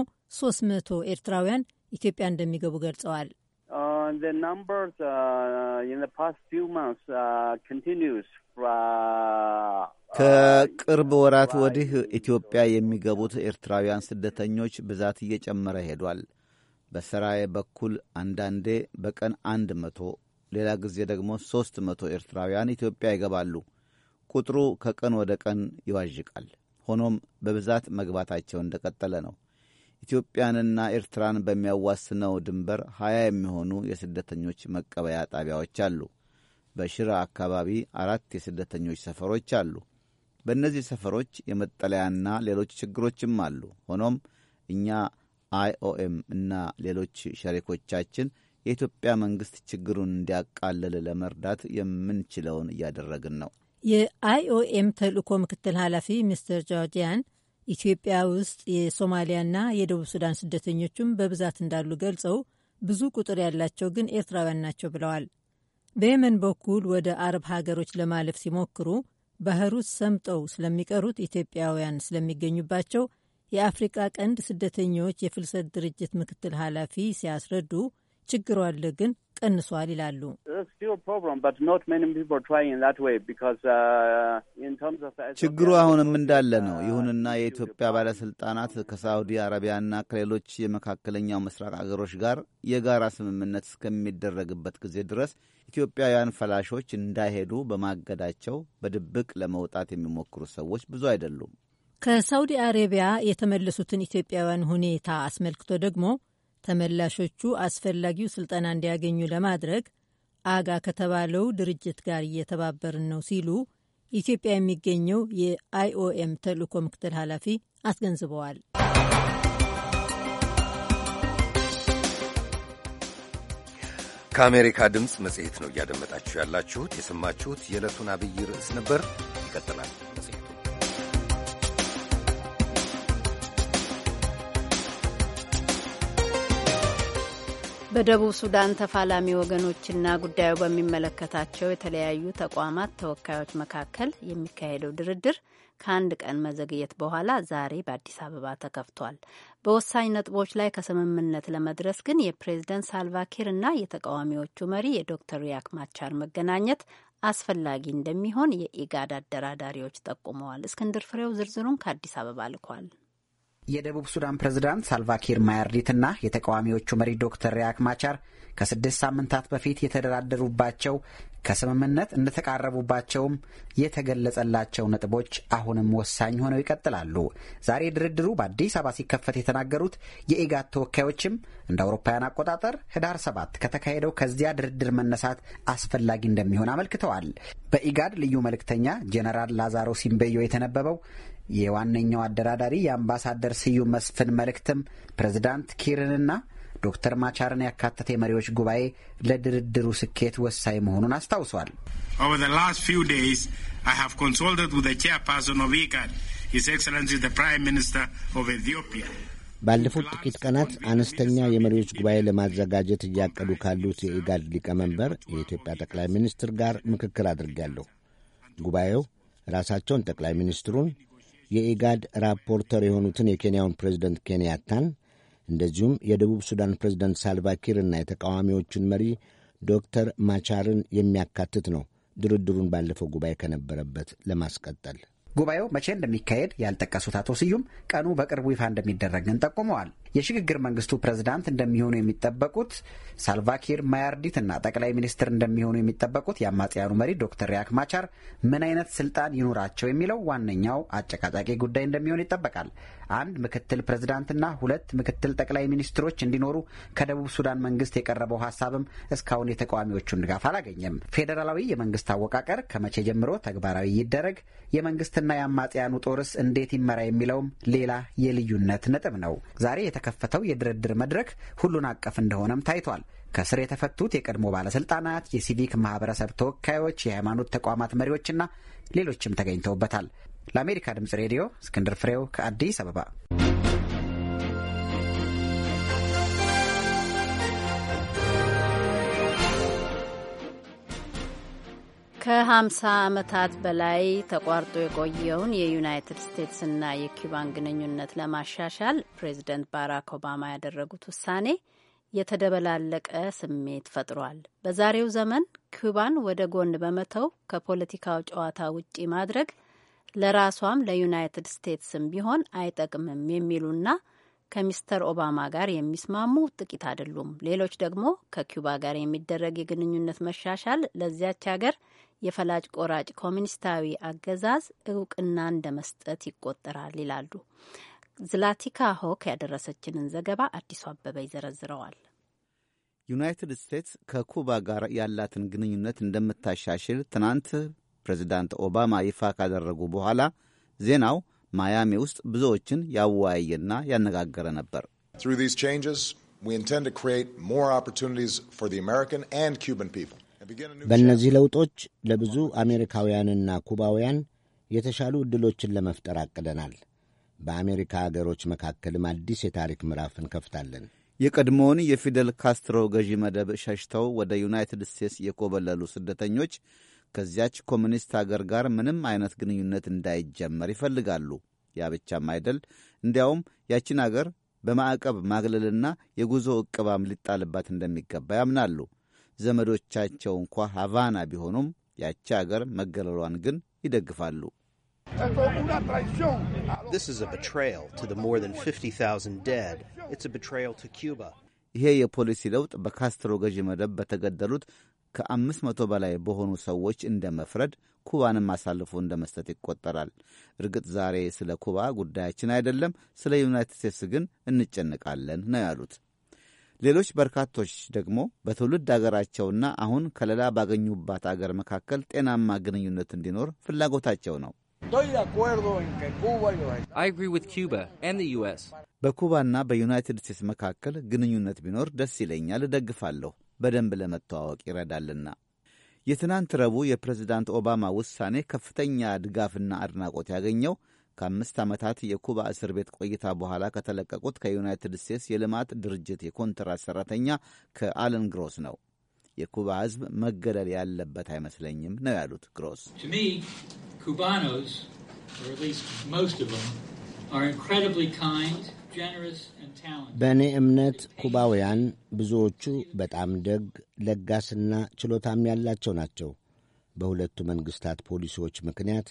መቶ ኤርትራውያን ኢትዮጵያ እንደሚገቡ ገልጸዋል። uh, uh, uh, ከቅርብ ወራት ወዲህ ኢትዮጵያ የሚገቡት ኤርትራውያን ስደተኞች ብዛት እየጨመረ ሄዷል። በሰራዬ በኩል አንዳንዴ በቀን አንድ መቶ ሌላ ጊዜ ደግሞ ሦስት መቶ ኤርትራውያን ኢትዮጵያ ይገባሉ። ቁጥሩ ከቀን ወደ ቀን ይዋዥቃል። ሆኖም በብዛት መግባታቸው እንደቀጠለ ነው። ኢትዮጵያንና ኤርትራን በሚያዋስነው ድንበር ሀያ የሚሆኑ የስደተኞች መቀበያ ጣቢያዎች አሉ። በሽራ አካባቢ አራት የስደተኞች ሰፈሮች አሉ። በእነዚህ ሰፈሮች የመጠለያና ሌሎች ችግሮችም አሉ። ሆኖም እኛ አይኦኤም እና ሌሎች ሸሪኮቻችን የኢትዮጵያ መንግስት ችግሩን እንዲያቃልል ለመርዳት የምንችለውን እያደረግን ነው። የአይኦኤም ተልእኮ ምክትል ኃላፊ ሚስተር ጆርጂያን ኢትዮጵያ ውስጥ የሶማሊያና የደቡብ ሱዳን ስደተኞችም በብዛት እንዳሉ ገልጸው ብዙ ቁጥር ያላቸው ግን ኤርትራውያን ናቸው ብለዋል። በየመን በኩል ወደ አረብ ሀገሮች ለማለፍ ሲሞክሩ ባህሩ ሰምጠው ስለሚቀሩት ኢትዮጵያውያን ስለሚገኙባቸው የአፍሪቃ ቀንድ ስደተኞች የፍልሰት ድርጅት ምክትል ኃላፊ ሲያስረዱ ችግሩ አለ ግን ቀንሷል ይላሉ። uh, ችግሩ አሁንም እንዳለ uh, ነው። ይሁንና የኢትዮጵያ ባለስልጣናት ከሳዑዲ አረቢያና ከሌሎች የመካከለኛው ምስራቅ አገሮች ጋር የጋራ ስምምነት እስከሚደረግበት ጊዜ ድረስ ኢትዮጵያውያን ፈላሾች እንዳይሄዱ በማገዳቸው በድብቅ ለመውጣት የሚሞክሩ ሰዎች ብዙ አይደሉም። ከሳውዲ አረቢያ የተመለሱትን ኢትዮጵያውያን ሁኔታ አስመልክቶ ደግሞ ተመላሾቹ አስፈላጊው ስልጠና እንዲያገኙ ለማድረግ አጋ ከተባለው ድርጅት ጋር እየተባበርን ነው ሲሉ ኢትዮጵያ የሚገኘው የአይኦኤም ተልእኮ ምክትል ኃላፊ አስገንዝበዋል። ከአሜሪካ ድምፅ መጽሔት ነው እያደመጣችሁ ያላችሁት። የሰማችሁት የዕለቱን አብይ ርዕስ ነበር። ይቀጥላል። በደቡብ ሱዳን ተፋላሚ ወገኖችና ጉዳዩ በሚመለከታቸው የተለያዩ ተቋማት ተወካዮች መካከል የሚካሄደው ድርድር ከአንድ ቀን መዘግየት በኋላ ዛሬ በአዲስ አበባ ተከፍቷል። በወሳኝ ነጥቦች ላይ ከስምምነት ለመድረስ ግን የፕሬዝደንት ሳልቫኪርና የተቃዋሚዎቹ መሪ የዶክተር ሪያክ ማቻር መገናኘት አስፈላጊ እንደሚሆን የኢጋድ አደራዳሪዎች ጠቁመዋል። እስክንድር ፍሬው ዝርዝሩን ከአዲስ አበባ ልኳል። የደቡብ ሱዳን ፕሬዝዳንት ሳልቫኪር ማያርዲትና የተቃዋሚዎቹ መሪ ዶክተር ሪያክ ማቻር ከስድስት ሳምንታት በፊት የተደራደሩባቸው ከስምምነት እንደተቃረቡባቸውም የተገለጸላቸው ነጥቦች አሁንም ወሳኝ ሆነው ይቀጥላሉ። ዛሬ ድርድሩ በአዲስ አበባ ሲከፈት የተናገሩት የኢጋድ ተወካዮችም እንደ አውሮፓውያን አቆጣጠር ህዳር ሰባት ከተካሄደው ከዚያ ድርድር መነሳት አስፈላጊ እንደሚሆን አመልክተዋል። በኢጋድ ልዩ መልእክተኛ ጄኔራል ላዛሮ ሲምቤዮ የተነበበው የዋነኛው አደራዳሪ የአምባሳደር ስዩም መስፍን መልእክትም ፕሬዝዳንት ኪርንና ዶክተር ማቻርን ያካተተ የመሪዎች ጉባኤ ለድርድሩ ስኬት ወሳኝ መሆኑን አስታውሷል። ባለፉት ጥቂት ቀናት አነስተኛ የመሪዎች ጉባኤ ለማዘጋጀት እያቀዱ ካሉት የኢጋድ ሊቀመንበር የኢትዮጵያ ጠቅላይ ሚኒስትር ጋር ምክክር አድርጌያለሁ። ጉባኤው ራሳቸውን ጠቅላይ ሚኒስትሩን የኢጋድ ራፖርተር የሆኑትን የኬንያውን ፕሬዝደንት ኬንያታን እንደዚሁም የደቡብ ሱዳን ፕሬዝደንት ሳልቫኪርና የተቃዋሚዎቹን መሪ ዶክተር ማቻርን የሚያካትት ነው። ድርድሩን ባለፈው ጉባኤ ከነበረበት ለማስቀጠል ጉባኤው መቼ እንደሚካሄድ ያልጠቀሱት አቶ ስዩም ቀኑ በቅርቡ ይፋ እንደሚደረግ ጠቁመዋል። የሽግግር መንግስቱ ፕሬዝዳንት እንደሚሆኑ የሚጠበቁት ሳልቫኪር ማያርዲት እና ጠቅላይ ሚኒስትር እንደሚሆኑ የሚጠበቁት የአማጽያኑ መሪ ዶክተር ሪያክ ማቻር ምን አይነት ስልጣን ይኑራቸው የሚለው ዋነኛው አጨቃጫቂ ጉዳይ እንደሚሆን ይጠበቃል። አንድ ምክትል ፕሬዝዳንትና ሁለት ምክትል ጠቅላይ ሚኒስትሮች እንዲኖሩ ከደቡብ ሱዳን መንግስት የቀረበው ሀሳብም እስካሁን የተቃዋሚዎቹን ድጋፍ አላገኘም። ፌዴራላዊ የመንግስት አወቃቀር ከመቼ ጀምሮ ተግባራዊ ይደረግ፣ የመንግስትና የአማጽያኑ ጦርስ እንዴት ይመራ የሚለውም ሌላ የልዩነት ነጥብ ነው። ዛሬ የተ የተከፈተው የድርድር መድረክ ሁሉን አቀፍ እንደሆነም ታይቷል። ከስር የተፈቱት የቀድሞ ባለስልጣናት፣ የሲቪክ ማህበረሰብ ተወካዮች፣ የሃይማኖት ተቋማት መሪዎችና ሌሎችም ተገኝተውበታል። ለአሜሪካ ድምጽ ሬዲዮ እስክንድር ፍሬው ከአዲስ አበባ ከ50 ዓመታት በላይ ተቋርጦ የቆየውን የዩናይትድ ስቴትስና የኪውባን ግንኙነት ለማሻሻል ፕሬዚደንት ባራክ ኦባማ ያደረጉት ውሳኔ የተደበላለቀ ስሜት ፈጥሯል። በዛሬው ዘመን ኪውባን ወደ ጎን በመተው ከፖለቲካው ጨዋታ ውጪ ማድረግ ለራሷም ለዩናይትድ ስቴትስም ቢሆን አይጠቅምም የሚሉና ከሚስተር ኦባማ ጋር የሚስማሙ ጥቂት አይደሉም። ሌሎች ደግሞ ከኩባ ጋር የሚደረግ የግንኙነት መሻሻል ለዚያች ሀገር የፈላጭ ቆራጭ ኮሚኒስታዊ አገዛዝ እውቅና እንደ መስጠት ይቆጠራል ይላሉ። ዝላቲካ ሆክ ያደረሰችንን ዘገባ አዲሱ አበበ ይዘረዝረዋል። ዩናይትድ ስቴትስ ከኩባ ጋር ያላትን ግንኙነት እንደምታሻሽል ትናንት ፕሬዚዳንት ኦባማ ይፋ ካደረጉ በኋላ ዜናው ማያሚ ውስጥ ብዙዎችን ያወያየና ያነጋገረ ነበር። በእነዚህ ለውጦች ለብዙ አሜሪካውያንና ኩባውያን የተሻሉ ዕድሎችን ለመፍጠር አቅደናል። በአሜሪካ አገሮች መካከልም አዲስ የታሪክ ምዕራፍ እንከፍታለን። የቀድሞውን የፊደል ካስትሮ ገዢ መደብ ሸሽተው ወደ ዩናይትድ ስቴትስ የኮበለሉ ስደተኞች ከዚያች ኮሚኒስት አገር ጋር ምንም አይነት ግንኙነት እንዳይጀመር ይፈልጋሉ። ያ ብቻም አይደል፣ እንዲያውም ያችን አገር በማዕቀብ ማግለልና የጉዞ ዕቅባም ሊጣልባት እንደሚገባ ያምናሉ። ዘመዶቻቸው እንኳ ሀቫና ቢሆኑም ያቺ አገር መገለሏን ግን ይደግፋሉ። ይሄ የፖሊሲ ለውጥ በካስትሮ ገዢ መደብ በተገደሉት ከአምስት መቶ በላይ በሆኑ ሰዎች እንደ መፍረድ ኩባንም አሳልፎ እንደ መስጠት ይቆጠራል። እርግጥ ዛሬ ስለ ኩባ ጉዳያችን አይደለም፣ ስለ ዩናይትድ ስቴትስ ግን እንጨንቃለን ነው ያሉት። ሌሎች በርካቶች ደግሞ በትውልድ አገራቸውና አሁን ከለላ ባገኙባት አገር መካከል ጤናማ ግንኙነት እንዲኖር ፍላጎታቸው ነው። በኩባና በዩናይትድ ስቴትስ መካከል ግንኙነት ቢኖር ደስ ይለኛል፣ እደግፋለሁ። በደንብ ለመተዋወቅ ይረዳልና። የትናንት ረቡዕ የፕሬዝዳንት ኦባማ ውሳኔ ከፍተኛ ድጋፍና አድናቆት ያገኘው ከአምስት ዓመታት የኩባ እስር ቤት ቆይታ በኋላ ከተለቀቁት ከዩናይትድ ስቴትስ የልማት ድርጅት የኮንትራት ሠራተኛ ከአለን ግሮስ ነው። የኩባ ሕዝብ መገለል ያለበት አይመስለኝም ነው ያሉት ግሮስ። ኩባኖስ በእኔ እምነት ኩባውያን ብዙዎቹ በጣም ደግ፣ ለጋስና ችሎታም ያላቸው ናቸው። በሁለቱ መንግሥታት ፖሊሲዎች ምክንያት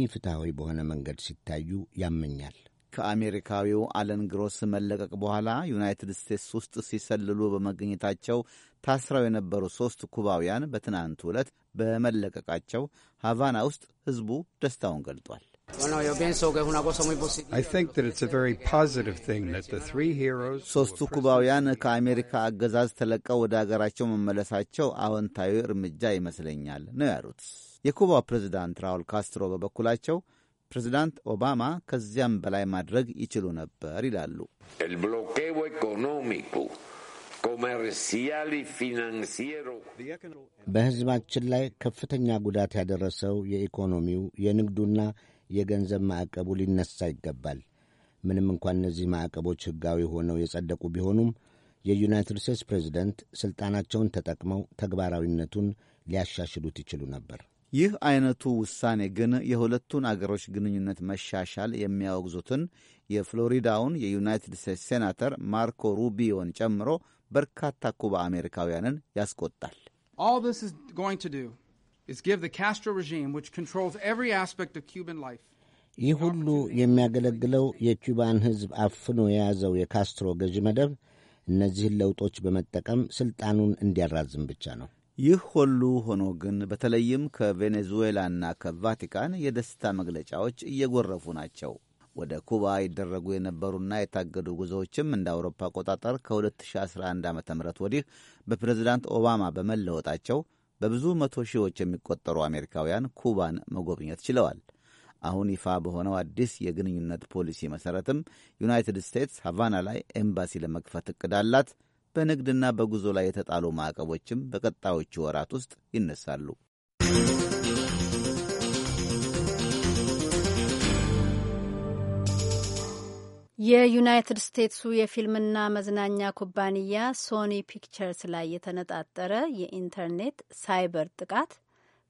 ኢፍትሐዊ በሆነ መንገድ ሲታዩ ያመኛል። ከአሜሪካዊው አለን ግሮስ መለቀቅ በኋላ ዩናይትድ ስቴትስ ውስጥ ሲሰልሉ በመገኘታቸው ታስረው የነበሩ ሦስት ኩባውያን በትናንት ዕለት በመለቀቃቸው ሀቫና ውስጥ ሕዝቡ ደስታውን ገልጧል። ሶስቱ ኩባውያን ከአሜሪካ አገዛዝ ተለቀው ወደ አገራቸው መመለሳቸው አዎንታዊ እርምጃ ይመስለኛል ነው ያሉት። የኩባው ፕሬዝዳንት ራውል ካስትሮ በበኩላቸው ፕሬዝዳንት ኦባማ ከዚያም በላይ ማድረግ ይችሉ ነበር ይላሉ። በሕዝባችን ላይ ከፍተኛ ጉዳት ያደረሰው የኢኮኖሚው የንግዱና የገንዘብ ማዕቀቡ ሊነሳ ይገባል። ምንም እንኳን እነዚህ ማዕቀቦች ሕጋዊ ሆነው የጸደቁ ቢሆኑም የዩናይትድ ስቴትስ ፕሬዚደንት ሥልጣናቸውን ተጠቅመው ተግባራዊነቱን ሊያሻሽሉት ይችሉ ነበር። ይህ አይነቱ ውሳኔ ግን የሁለቱን አገሮች ግንኙነት መሻሻል የሚያወግዙትን የፍሎሪዳውን የዩናይትድ ስቴትስ ሴናተር ማርኮ ሩቢዮን ጨምሮ በርካታ ኩባ አሜሪካውያንን ያስቆጣል። ይህ ሁሉ የሚያገለግለው የኪባን ሕዝብ አፍኖ የያዘው የካስትሮ ገዢ መደብ እነዚህን ለውጦች በመጠቀም ሥልጣኑን እንዲያራዝም ብቻ ነው። ይህ ሁሉ ሆኖ ግን በተለይም ከቬኔዙዌላና ከቫቲካን የደስታ መግለጫዎች እየጎረፉ ናቸው። ወደ ኩባ ይደረጉ የነበሩና የታገዱ ጉዞዎችም እንደ አውሮፓ አቆጣጠር ከ2011 ዓ ም ወዲህ በፕሬዝዳንት ኦባማ በመለወጣቸው በብዙ መቶ ሺዎች የሚቆጠሩ አሜሪካውያን ኩባን መጎብኘት ችለዋል። አሁን ይፋ በሆነው አዲስ የግንኙነት ፖሊሲ መሠረትም ዩናይትድ ስቴትስ ሃቫና ላይ ኤምባሲ ለመክፈት እቅድ አላት። በንግድና በጉዞ ላይ የተጣሉ ማዕቀቦችም በቀጣዮቹ ወራት ውስጥ ይነሳሉ። የዩናይትድ ስቴትሱ የፊልምና መዝናኛ ኩባንያ ሶኒ ፒክቸርስ ላይ የተነጣጠረ የኢንተርኔት ሳይበር ጥቃት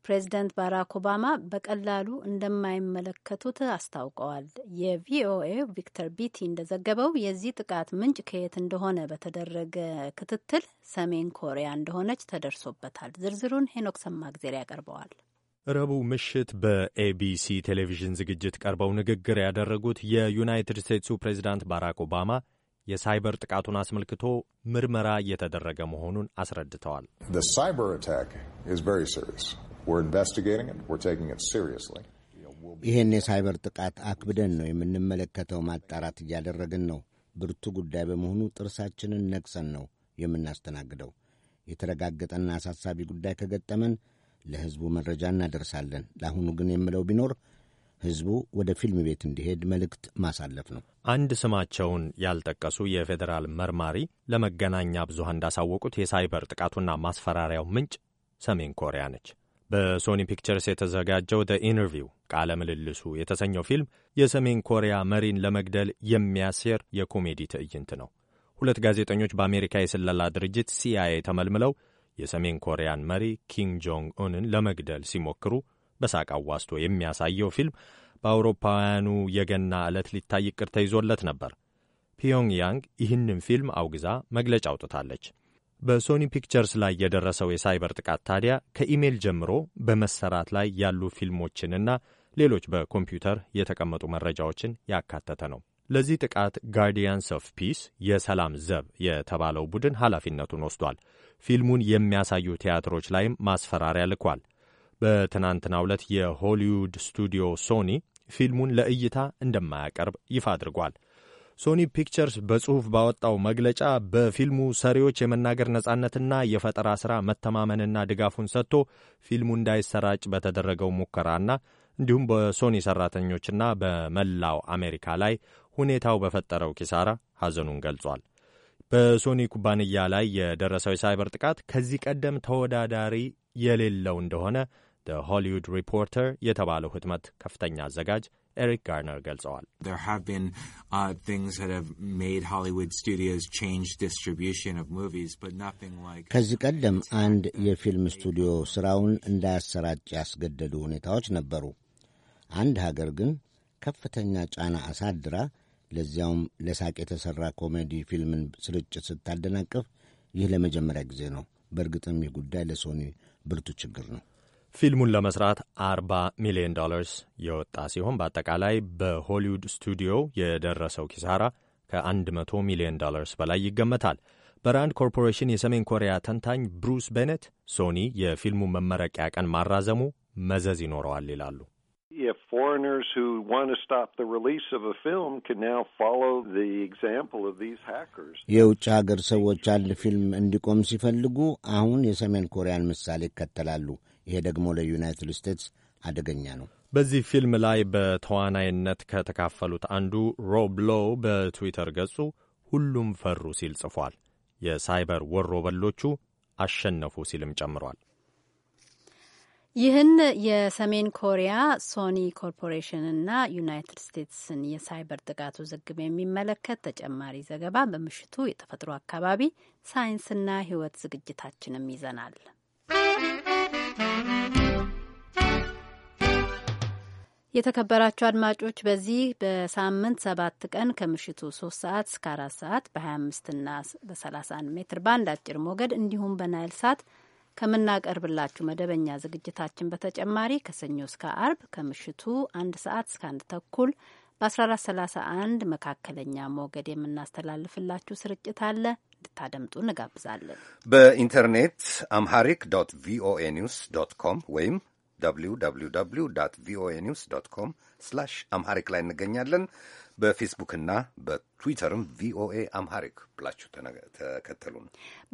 ፕሬዚደንት ባራክ ኦባማ በቀላሉ እንደማይመለከቱት አስታውቀዋል። የቪኦኤ ቪክተር ቢቲ እንደዘገበው የዚህ ጥቃት ምንጭ ከየት እንደሆነ በተደረገ ክትትል ሰሜን ኮሪያ እንደሆነች ተደርሶበታል። ዝርዝሩን ሄኖክ ሰማግዜር ያቀርበዋል። ረቡዕ ምሽት በኤቢሲ ቴሌቪዥን ዝግጅት ቀርበው ንግግር ያደረጉት የዩናይትድ ስቴትሱ ፕሬዚዳንት ባራክ ኦባማ የሳይበር ጥቃቱን አስመልክቶ ምርመራ እየተደረገ መሆኑን አስረድተዋል። ይህን የሳይበር ጥቃት አክብደን ነው የምንመለከተው። ማጣራት እያደረግን ነው። ብርቱ ጉዳይ በመሆኑ ጥርሳችንን ነቅሰን ነው የምናስተናግደው። የተረጋገጠና አሳሳቢ ጉዳይ ከገጠመን ለሕዝቡ መረጃ እናደርሳለን። ለአሁኑ ግን የምለው ቢኖር ሕዝቡ ወደ ፊልም ቤት እንዲሄድ መልእክት ማሳለፍ ነው። አንድ ስማቸውን ያልጠቀሱ የፌዴራል መርማሪ ለመገናኛ ብዙሃን እንዳሳወቁት የሳይበር ጥቃቱና ማስፈራሪያው ምንጭ ሰሜን ኮሪያ ነች። በሶኒ ፒክቸርስ የተዘጋጀው ደ ኢንተርቪው ቃለ ምልልሱ የተሰኘው ፊልም የሰሜን ኮሪያ መሪን ለመግደል የሚያሴር የኮሜዲ ትዕይንት ነው። ሁለት ጋዜጠኞች በአሜሪካ የስለላ ድርጅት ሲአይኤ ተመልምለው የሰሜን ኮሪያን መሪ ኪም ጆንግ ኡንን ለመግደል ሲሞክሩ በሳቅ አዋስቶ የሚያሳየው ፊልም በአውሮፓውያኑ የገና ዕለት ሊታይ ቅር ተይዞለት ነበር። ፒዮንግያንግ ይህንን ፊልም አውግዛ መግለጫ አውጥታለች። በሶኒ ፒክቸርስ ላይ የደረሰው የሳይበር ጥቃት ታዲያ ከኢሜል ጀምሮ በመሰራት ላይ ያሉ ፊልሞችንና ሌሎች በኮምፒውተር የተቀመጡ መረጃዎችን ያካተተ ነው። ለዚህ ጥቃት ጋርዲያንስ ኦፍ ፒስ የሰላም ዘብ የተባለው ቡድን ኃላፊነቱን ወስዷል። ፊልሙን የሚያሳዩ ቲያትሮች ላይም ማስፈራሪያ ልኳል። በትናንትናው ዕለት የሆሊውድ ስቱዲዮ ሶኒ ፊልሙን ለእይታ እንደማያቀርብ ይፋ አድርጓል። ሶኒ ፒክቸርስ በጽሑፍ ባወጣው መግለጫ በፊልሙ ሰሪዎች የመናገር ነጻነትና የፈጠራ ሥራ መተማመንና ድጋፉን ሰጥቶ ፊልሙ እንዳይሰራጭ በተደረገው ሙከራና እንዲሁም በሶኒ ሠራተኞችና በመላው አሜሪካ ላይ ሁኔታው በፈጠረው ኪሳራ ሐዘኑን ገልጿል። በሶኒ ኩባንያ ላይ የደረሰው የሳይበር ጥቃት ከዚህ ቀደም ተወዳዳሪ የሌለው እንደሆነ ደ ሆሊውድ ሪፖርተር የተባለው ህትመት ከፍተኛ አዘጋጅ ኤሪክ ጋርነር ገልጸዋል። uh, ከዚህ ቀደም አንድ የፊልም ስቱዲዮ ስራውን እንዳያሰራጭ ያስገደዱ ሁኔታዎች ነበሩ። አንድ ሀገር ግን ከፍተኛ ጫና አሳድራ ለዚያውም ለሳቅ የተሠራ ኮሜዲ ፊልምን ስርጭት ስታደናቅፍ ይህ ለመጀመሪያ ጊዜ ነው። በእርግጥም ይህ ጉዳይ ለሶኒ ብርቱ ችግር ነው። ፊልሙን ለመስራት 40 ሚሊዮን ዶላርስ የወጣ ሲሆን በአጠቃላይ በሆሊውድ ስቱዲዮ የደረሰው ኪሳራ ከ100 ሚሊዮን ዶላርስ በላይ ይገመታል። በራንድ ኮርፖሬሽን የሰሜን ኮሪያ ተንታኝ ብሩስ ቤነት ሶኒ የፊልሙ መመረቂያ ቀን ማራዘሙ መዘዝ ይኖረዋል ይላሉ። if foreigners who want to stop the release of a film can now follow the example of these hackers. የውጭ ሀገር ሰዎች አንድ ፊልም እንዲቆም ሲፈልጉ አሁን የሰሜን ኮሪያን ምሳሌ ይከተላሉ። ይሄ ደግሞ ለዩናይትድ ስቴትስ አደገኛ ነው። በዚህ ፊልም ላይ በተዋናይነት ከተካፈሉት አንዱ ሮብ ሎው በትዊተር ገጹ ሁሉም ፈሩ ሲል ጽፏል። የሳይበር ወሮ በሎቹ አሸነፉ ሲልም ጨምሯል። ይህን የሰሜን ኮሪያ ሶኒ ኮርፖሬሽንና ዩናይትድ ስቴትስን የሳይበር ጥቃት ውዝግብ የሚመለከት ተጨማሪ ዘገባ በምሽቱ የተፈጥሮ አካባቢ ሳይንስና ሕይወት ዝግጅታችንም ይዘናል። የተከበራችሁ አድማጮች በዚህ በሳምንት ሰባት ቀን ከምሽቱ ሶስት ሰዓት እስከ አራት ሰዓት በ25 በሰላሳ በ31 ሜትር ባንድ አጭር ሞገድ እንዲሁም በናይል ሳት ከምናቀርብላችሁ መደበኛ ዝግጅታችን በተጨማሪ ከሰኞ እስከ አርብ ከምሽቱ አንድ ሰዓት እስከ አንድ ተኩል በ1431 መካከለኛ ሞገድ የምናስተላልፍላችሁ ስርጭት አለ። እንድታደምጡ እንጋብዛለን። በኢንተርኔት አምሃሪክ ዶት ቪኦኤ ኒውስ ዶት ኮም ወይም www ቪኦኤ ኒውስ ዶት ኮም ስላሽ አምሃሪክ ላይ እንገኛለን። በፌስቡክና በትዊተርም ቪኦኤ አምሃሪክ ብላችሁ ተከተሉን።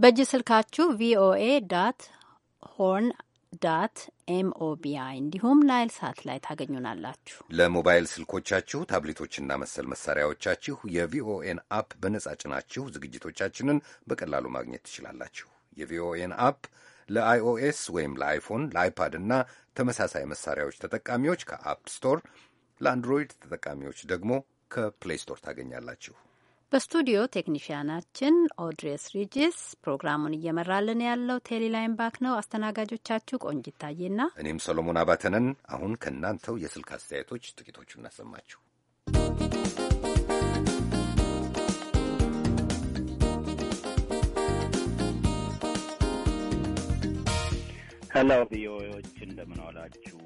በእጅ ስልካችሁ ቪኦኤ ዳት ሆርን ዳት ኤምኦቢአይ እንዲሁም ናይል ሳት ላይ ታገኙናላችሁ። ለሞባይል ስልኮቻችሁ ታብሌቶችና መሰል መሳሪያዎቻችሁ የቪኦኤን አፕ በነጻ ጭናችሁ ዝግጅቶቻችንን በቀላሉ ማግኘት ትችላላችሁ። የቪኦኤን አፕ ለአይኦኤስ ወይም ለአይፎን፣ ለአይፓድ እና ተመሳሳይ መሳሪያዎች ተጠቃሚዎች ከአፕ ስቶር፣ ለአንድሮይድ ተጠቃሚዎች ደግሞ ከፕሌይ ስቶር ታገኛላችሁ። በስቱዲዮ ቴክኒሽያናችን ኦድሬስ ሪጅስ፣ ፕሮግራሙን እየመራልን ያለው ቴሌላይን ባክ ነው። አስተናጋጆቻችሁ ቆንጅ ይታየና እኔም ሰሎሞን አባተነን። አሁን ከእናንተው የስልክ አስተያየቶች ጥቂቶቹ እናሰማችሁ። ሄሎ ቪኦኤዎች እንደምን ዋላችሁ?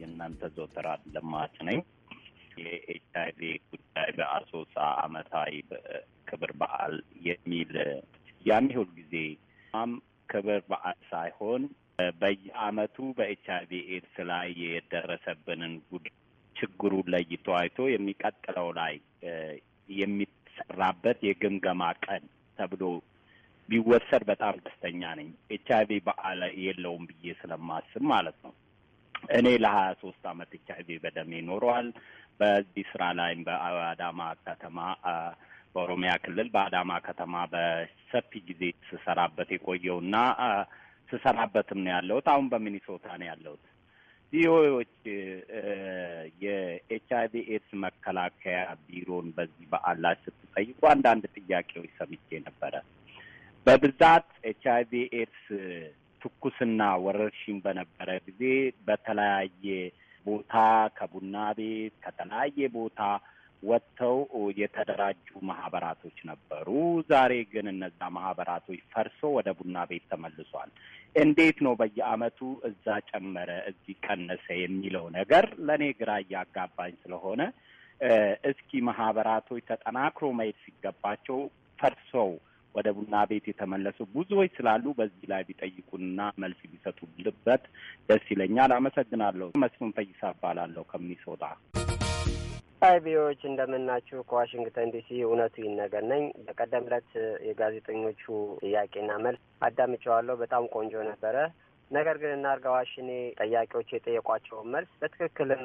የእናንተ ዘወትር አለማት ነኝ። የኤች አይ ቪ ጉዳይ በአሶሳ አመታዊ ክብር በዓል የሚል ያን ሁል ጊዜ ማም ክብር በዓል ሳይሆን በየአመቱ በኤች አይ ቪ ኤድስ ላይ የደረሰብንን ጉድ ችግሩን ለይቶ አይቶ የሚቀጥለው ላይ የሚሰራበት የግምገማ ቀን ተብሎ ቢወሰድ በጣም ደስተኛ ነኝ። ኤች አይ ቪ በዓል የለውም ብዬ ስለማስብ ማለት ነው። እኔ ለሀያ ሶስት አመት ኤች አይ ቪ በደሜ ይኖረዋል። በዚህ ስራ ላይም በአዳማ ከተማ በኦሮሚያ ክልል በአዳማ ከተማ በሰፊ ጊዜ ስሰራበት የቆየውና ስሰራበትም ነው ያለሁት። አሁን በሚኒሶታ ነው ያለሁት። ቪኦኤዎች የኤች አይቪ ኤድስ መከላከያ ቢሮን በዚህ በዓል ላይ ስትጠይቁ አንዳንድ ጥያቄዎች ሰምቼ ነበረ። በብዛት ኤች አይቪ ኤድስ ትኩስና ወረርሽኝ በነበረ ጊዜ በተለያየ ቦታ ከቡና ቤት ከተለያየ ቦታ ወጥተው የተደራጁ ማህበራቶች ነበሩ። ዛሬ ግን እነዛ ማህበራቶች ፈርሶ ወደ ቡና ቤት ተመልሷል። እንዴት ነው በየአመቱ እዛ ጨመረ፣ እዚህ ቀነሰ የሚለው ነገር ለእኔ ግራ እያጋባኝ ስለሆነ እስኪ ማህበራቶች ተጠናክሮ መሄድ ሲገባቸው ፈርሰው ወደ ቡና ቤት የተመለሱ ብዙዎች ስላሉ በዚህ ላይ ቢጠይቁንና መልስ ቢሰጡበት ደስ ይለኛል። አመሰግናለሁ። መስፍን ፈይሳ እባላለሁ ከሚኒሶታ። አይ እንደምናችሁ ከዋሽንግተን ዲሲ እውነቱ ይነገር ነኝ። በቀደም ዕለት የጋዜጠኞቹ ጥያቄና መልስ አዳምጨዋለሁ። በጣም ቆንጆ ነበረ። ነገር ግን እናርጋ እኔ ጠያቂዎች የጠየቋቸውን መልስ በትክክልም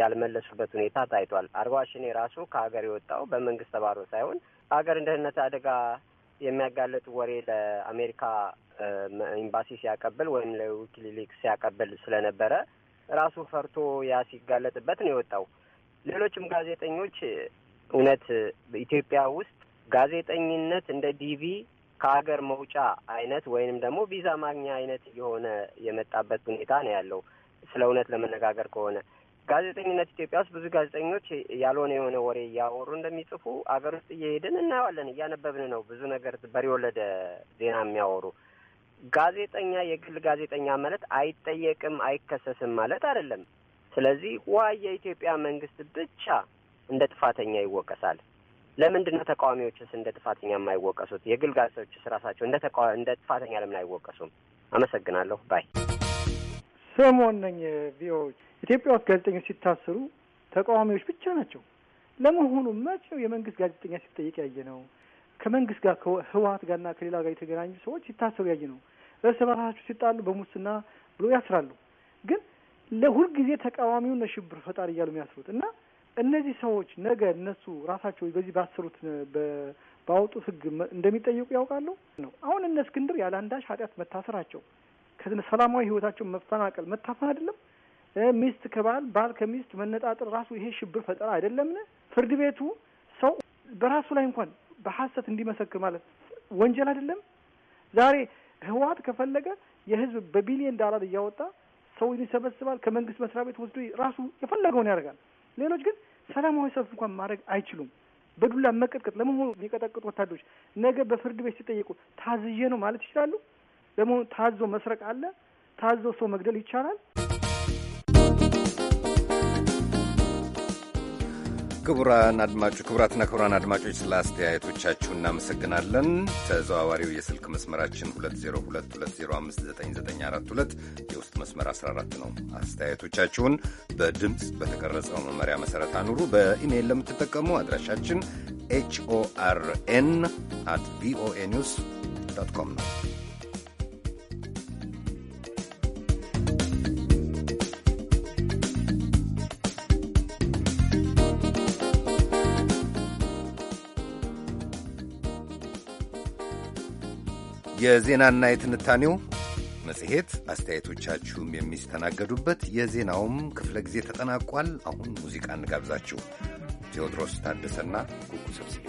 ያልመለሱበት ሁኔታ ታይቷል። አርጋዋሽኔ ራሱ ከሀገር የወጣው በመንግስት ተባሮ ሳይሆን ሀገር እንደህነት አደጋ የሚያጋለጥ ወሬ ለአሜሪካ ኤምባሲ ሲያቀብል ወይም ለዊኪሊክስ ሲያቀብል ስለነበረ ራሱ ፈርቶ ያ ሲጋለጥበት ነው የወጣው። ሌሎችም ጋዜጠኞች እውነት በኢትዮጵያ ውስጥ ጋዜጠኝነት እንደ ዲቪ ከሀገር መውጫ አይነት ወይንም ደግሞ ቪዛ ማግኛ አይነት የሆነ የመጣበት ሁኔታ ነው ያለው። ስለ እውነት ለመነጋገር ከሆነ ጋዜጠኝነት ኢትዮጵያ ውስጥ ብዙ ጋዜጠኞች ያልሆነ የሆነ ወሬ እያወሩ እንደሚጽፉ አገር ውስጥ እየሄድን እናየዋለን፣ እያነበብን ነው። ብዙ ነገር በሬ ወለደ ዜና የሚያወሩ ጋዜጠኛ የግል ጋዜጠኛ ማለት አይጠየቅም፣ አይከሰስም ማለት አይደለም። ስለዚህ ዋ የኢትዮጵያ መንግስት ብቻ እንደ ጥፋተኛ ይወቀሳል። ለምንድን ነው ተቃዋሚዎችስ እንደ ጥፋተኛ የማይወቀሱት? የግል ጋዜጠኞችስ ራሳቸው እንደ ጥፋተኛ ለምን አይወቀሱም? አመሰግናለሁ ባይ ሰሞን ነኝ። ቪኦኤዎች ኢትዮጵያ ውስጥ ጋዜጠኞች ሲታሰሩ ተቃዋሚዎች ብቻ ናቸው። ለመሆኑ መቼ ነው የመንግስት ጋዜጠኛ ሲጠየቅ ያየ ነው? ከመንግስት ጋር ከህወሀት ጋርና ከሌላ ጋር የተገናኙ ሰዎች ሲታሰሩ ያየ ነው። እርስ በራሳቸው ሲጣሉ በሙስና ብሎ ያስራሉ። ግን ለሁልጊዜ ተቃዋሚውን ሽብር ፈጣሪ እያሉ የሚያስሩት እና እነዚህ ሰዎች ነገ እነሱ ራሳቸው በዚህ ባሰሩት ባወጡት ህግ እንደሚጠየቁ ያውቃሉ ነው። አሁን እነ እስክንድር ያለ አንዳች ኃጢአት መታሰራቸው ከሰላማዊ ህይወታቸው መፈናቀል መታፈን አይደለም? ሚስት ከባል ባል ከሚስት መነጣጠር ራሱ ይሄ ሽብር ፈጠራ አይደለምን? ፍርድ ቤቱ ሰው በራሱ ላይ እንኳን በሀሰት እንዲመሰክር ማለት ወንጀል አይደለም? ዛሬ ህወሓት ከፈለገ የህዝብ በቢሊየን ዳላር እያወጣ ሰውን ይሰበስባል። ከመንግስት መስሪያ ቤት ወስዶ ራሱ የፈለገውን ያደርጋል። ሌሎች ግን ሰላማዊ ሰልፍ እንኳን ማድረግ አይችሉም። በዱላ መቀጥቀጥ። ለመሆኑ የሚቀጠቅጡ ወታደሮች ነገ በፍርድ ቤት ሲጠየቁ ታዝዬ ነው ማለት ይችላሉ? ለመሆኑ ታዞ መስረቅ አለ? ታዞ ሰው መግደል ይቻላል? ክቡራን አድማጮች ክቡራትና ክቡራን አድማጮች ስለ አስተያየቶቻችሁ እናመሰግናለን። ተዘዋዋሪው የስልክ መስመራችን 2022059942 የውስጥ መስመር 14 ነው። አስተያየቶቻችሁን በድምፅ በተቀረጸው መመሪያ መሰረት አኑሩ። በኢሜይል ለምትጠቀሙ አድራሻችን ኤችኦአርኤን አት ቪኦኤ ኒውስ ዶት ኮም ነው። የዜናና የትንታኔው መጽሔት አስተያየቶቻችሁም የሚስተናገዱበት የዜናውም ክፍለ ጊዜ ተጠናቋል። አሁን ሙዚቃ እንጋብዛችሁ። ቴዎድሮስ ታደሰና ጉጉ ሰብስቤ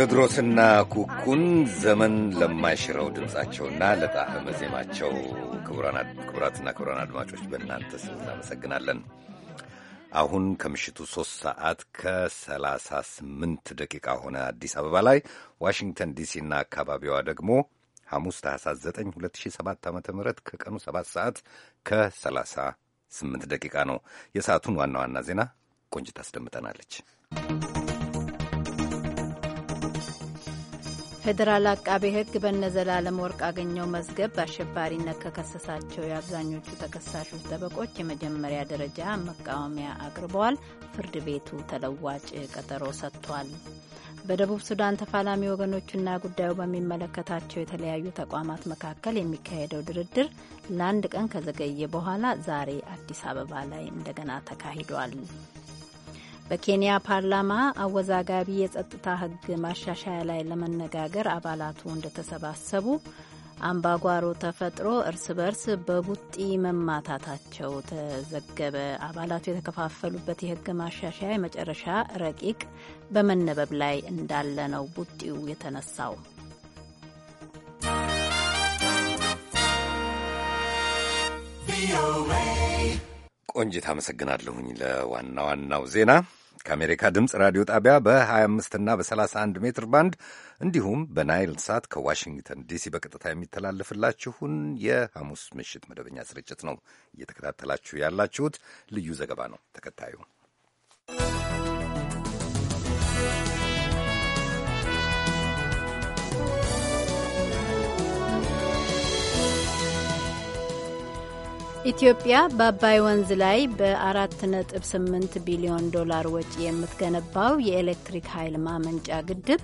ቴዎድሮስና ኩኩን ዘመን ለማይሽረው ድምፃቸውና ለጣዕመ ዜማቸው ክቡራትና ክቡራን አድማጮች በእናንተ ስም እናመሰግናለን። አሁን ከምሽቱ ሦስት ሰዓት ከሰላሳ ስምንት ደቂቃ ሆነ አዲስ አበባ ላይ። ዋሽንግተን ዲሲና አካባቢዋ ደግሞ ሐሙስ ታህሳስ 9 2007 ዓ ም ከቀኑ 7 ሰዓት ከ38 ደቂቃ ነው። የሰዓቱን ዋና ዋና ዜና ቆንጅት አስደምጠናለች። ፌዴራል አቃቤ ሕግ በነዘላለም ወርቅ አገኘው መዝገብ በአሸባሪነት ከከሰሳቸው የአብዛኞቹ ተከሳሾች ጠበቆች የመጀመሪያ ደረጃ መቃወሚያ አቅርበዋል። ፍርድ ቤቱ ተለዋጭ ቀጠሮ ሰጥቷል። በደቡብ ሱዳን ተፋላሚ ወገኖችና ጉዳዩ በሚመለከታቸው የተለያዩ ተቋማት መካከል የሚካሄደው ድርድር ለአንድ ቀን ከዘገየ በኋላ ዛሬ አዲስ አበባ ላይ እንደገና ተካሂዷል። በኬንያ ፓርላማ አወዛጋቢ የጸጥታ ሕግ ማሻሻያ ላይ ለመነጋገር አባላቱ እንደተሰባሰቡ አምባጓሮ ተፈጥሮ እርስ በርስ በቡጢ መማታታቸው ተዘገበ። አባላቱ የተከፋፈሉበት የህግ ማሻሻያ የመጨረሻ ረቂቅ በመነበብ ላይ እንዳለ ነው ቡጢው የተነሳው። ቆንጅት አመሰግናለሁኝ ለዋና ዋናው ዜና። ከአሜሪካ ድምፅ ራዲዮ ጣቢያ በ25 እና በ31 ሜትር ባንድ እንዲሁም በናይል ሳት ከዋሽንግተን ዲሲ በቀጥታ የሚተላለፍላችሁን የሐሙስ ምሽት መደበኛ ስርጭት ነው እየተከታተላችሁ ያላችሁት። ልዩ ዘገባ ነው ተከታዩ። ኢትዮጵያ በአባይ ወንዝ ላይ በ4.8 ቢሊዮን ዶላር ወጪ የምትገነባው የኤሌክትሪክ ኃይል ማመንጫ ግድብ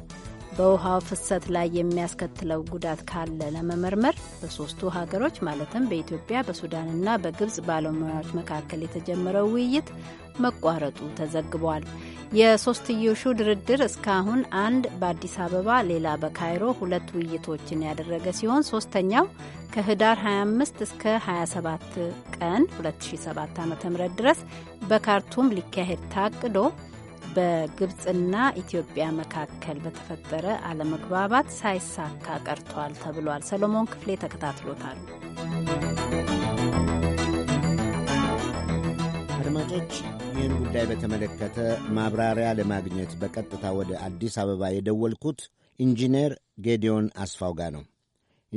በውሃው ፍሰት ላይ የሚያስከትለው ጉዳት ካለ ለመመርመር በሶስቱ ሀገሮች ማለትም በኢትዮጵያ፣ በሱዳንና በግብጽ ባለሙያዎች መካከል የተጀመረው ውይይት መቋረጡ ተዘግቧል። የሶስትዮሹ ድርድር እስካሁን አንድ በአዲስ አበባ ሌላ በካይሮ ሁለት ውይይቶችን ያደረገ ሲሆን ሶስተኛው ከህዳር 25 እስከ 27 ቀን 2007 ዓ ም ድረስ በካርቱም ሊካሄድ ታቅዶ በግብፅና ኢትዮጵያ መካከል በተፈጠረ አለመግባባት ሳይሳካ ቀርቷል ተብሏል። ሰሎሞን ክፍሌ ተከታትሎታል። አድማጮች ይህን ጉዳይ በተመለከተ ማብራሪያ ለማግኘት በቀጥታ ወደ አዲስ አበባ የደወልኩት ኢንጂነር ጌዲዮን አስፋው ጋር ነው።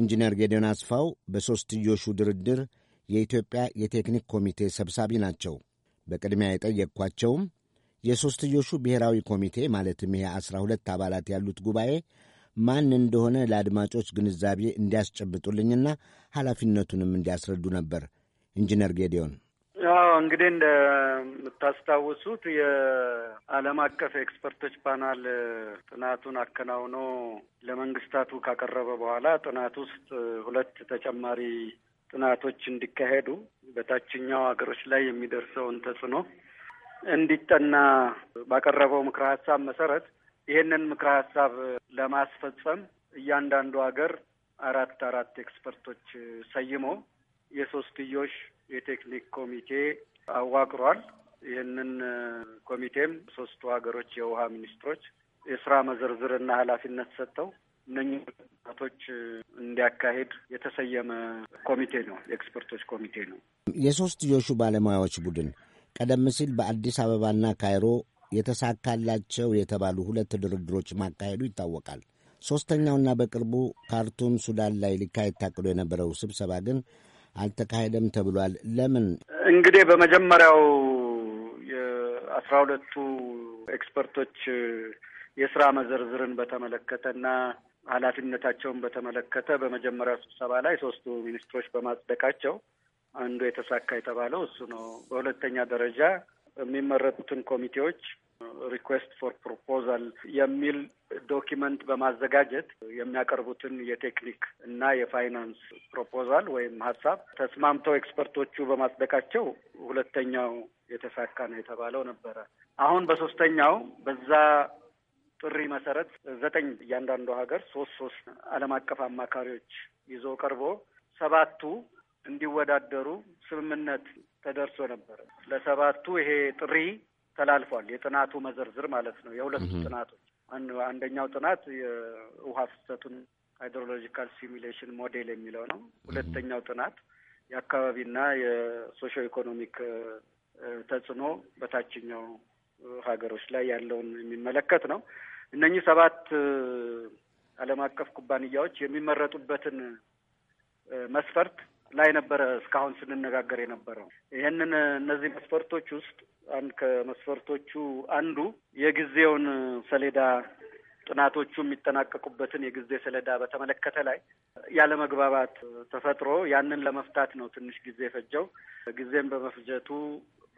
ኢንጂነር ጌዲዮን አስፋው በሦስትዮሹ ድርድር የኢትዮጵያ የቴክኒክ ኮሚቴ ሰብሳቢ ናቸው። በቅድሚያ የጠየቅኳቸውም የሦስትዮሹ ብሔራዊ ኮሚቴ ማለትም ይሄ ዐሥራ ሁለት አባላት ያሉት ጉባኤ ማን እንደሆነ ለአድማጮች ግንዛቤ እንዲያስጨብጡልኝና ኃላፊነቱንም እንዲያስረዱ ነበር። ኢንጂነር ጌዲዮን አዎ እንግዲህ እንደምታስታውሱት የዓለም አቀፍ ኤክስፐርቶች ፓናል ጥናቱን አከናውኖ ለመንግስታቱ ካቀረበ በኋላ ጥናት ውስጥ ሁለት ተጨማሪ ጥናቶች እንዲካሄዱ በታችኛው ሀገሮች ላይ የሚደርሰውን ተጽዕኖ እንዲጠና ባቀረበው ምክረ ሀሳብ መሰረት ይህንን ምክረ ሀሳብ ለማስፈጸም እያንዳንዱ ሀገር አራት አራት ኤክስፐርቶች ሰይሞ የሶስትዮሽ የቴክኒክ ኮሚቴ አዋቅሯል። ይህንን ኮሚቴም ሶስቱ ሀገሮች የውሃ ሚኒስትሮች የስራ መዘርዝርና ኃላፊነት ሰጥተው እነኝህ ጥናቶች እንዲያካሄድ የተሰየመ ኮሚቴ ነው፣ የኤክስፐርቶች ኮሚቴ ነው። የሶስትዮሹ ባለሙያዎች ቡድን ቀደም ሲል በአዲስ አበባና ካይሮ የተሳካላቸው የተባሉ ሁለት ድርድሮች ማካሄዱ ይታወቃል። ሶስተኛውና በቅርቡ ካርቱም ሱዳን ላይ ሊካሄድ ታቅዶ የነበረው ስብሰባ ግን አልተካሄደም ተብሏል። ለምን? እንግዲህ በመጀመሪያው የአስራ ሁለቱ ኤክስፐርቶች የስራ መዘርዝርን በተመለከተ እና ኃላፊነታቸውን በተመለከተ በመጀመሪያው ስብሰባ ላይ ሶስቱ ሚኒስትሮች በማጽደቃቸው አንዱ የተሳካ የተባለው እሱ ነው። በሁለተኛ ደረጃ የሚመረጡትን ኮሚቴዎች ሪኩዌስት ፎር ፕሮፖዛል የሚል ዶኪመንት በማዘጋጀት የሚያቀርቡትን የቴክኒክ እና የፋይናንስ ፕሮፖዛል ወይም ሀሳብ ተስማምተው ኤክስፐርቶቹ በማጽደቃቸው ሁለተኛው የተሳካ ነው የተባለው ነበረ። አሁን በሶስተኛው በዛ ጥሪ መሰረት ዘጠኝ እያንዳንዱ ሀገር ሶስት ሶስት ዓለም አቀፍ አማካሪዎች ይዞ ቀርቦ ሰባቱ እንዲወዳደሩ ስምምነት ተደርሶ ነበር ለሰባቱ ይሄ ጥሪ ተላልፏል። የጥናቱ መዘርዝር ማለት ነው። የሁለቱ ጥናቶች አንደኛው ጥናት የውሃ ፍሰቱን ሃይድሮሎጂካል ሲሚሌሽን ሞዴል የሚለው ነው። ሁለተኛው ጥናት የአካባቢና የሶሾ ኢኮኖሚክ ተጽዕኖ በታችኛው ሀገሮች ላይ ያለውን የሚመለከት ነው። እነኚህ ሰባት ዓለም አቀፍ ኩባንያዎች የሚመረጡበትን መስፈርት ላይ ነበረ እስካሁን ስንነጋገር የነበረው። ይህንን እነዚህ መስፈርቶች ውስጥ አንድ ከመስፈርቶቹ አንዱ የጊዜውን ሰሌዳ ጥናቶቹ የሚጠናቀቁበትን የጊዜ ሰሌዳ በተመለከተ ላይ ያለመግባባት ተፈጥሮ ያንን ለመፍታት ነው ትንሽ ጊዜ የፈጀው። ጊዜን በመፍጀቱ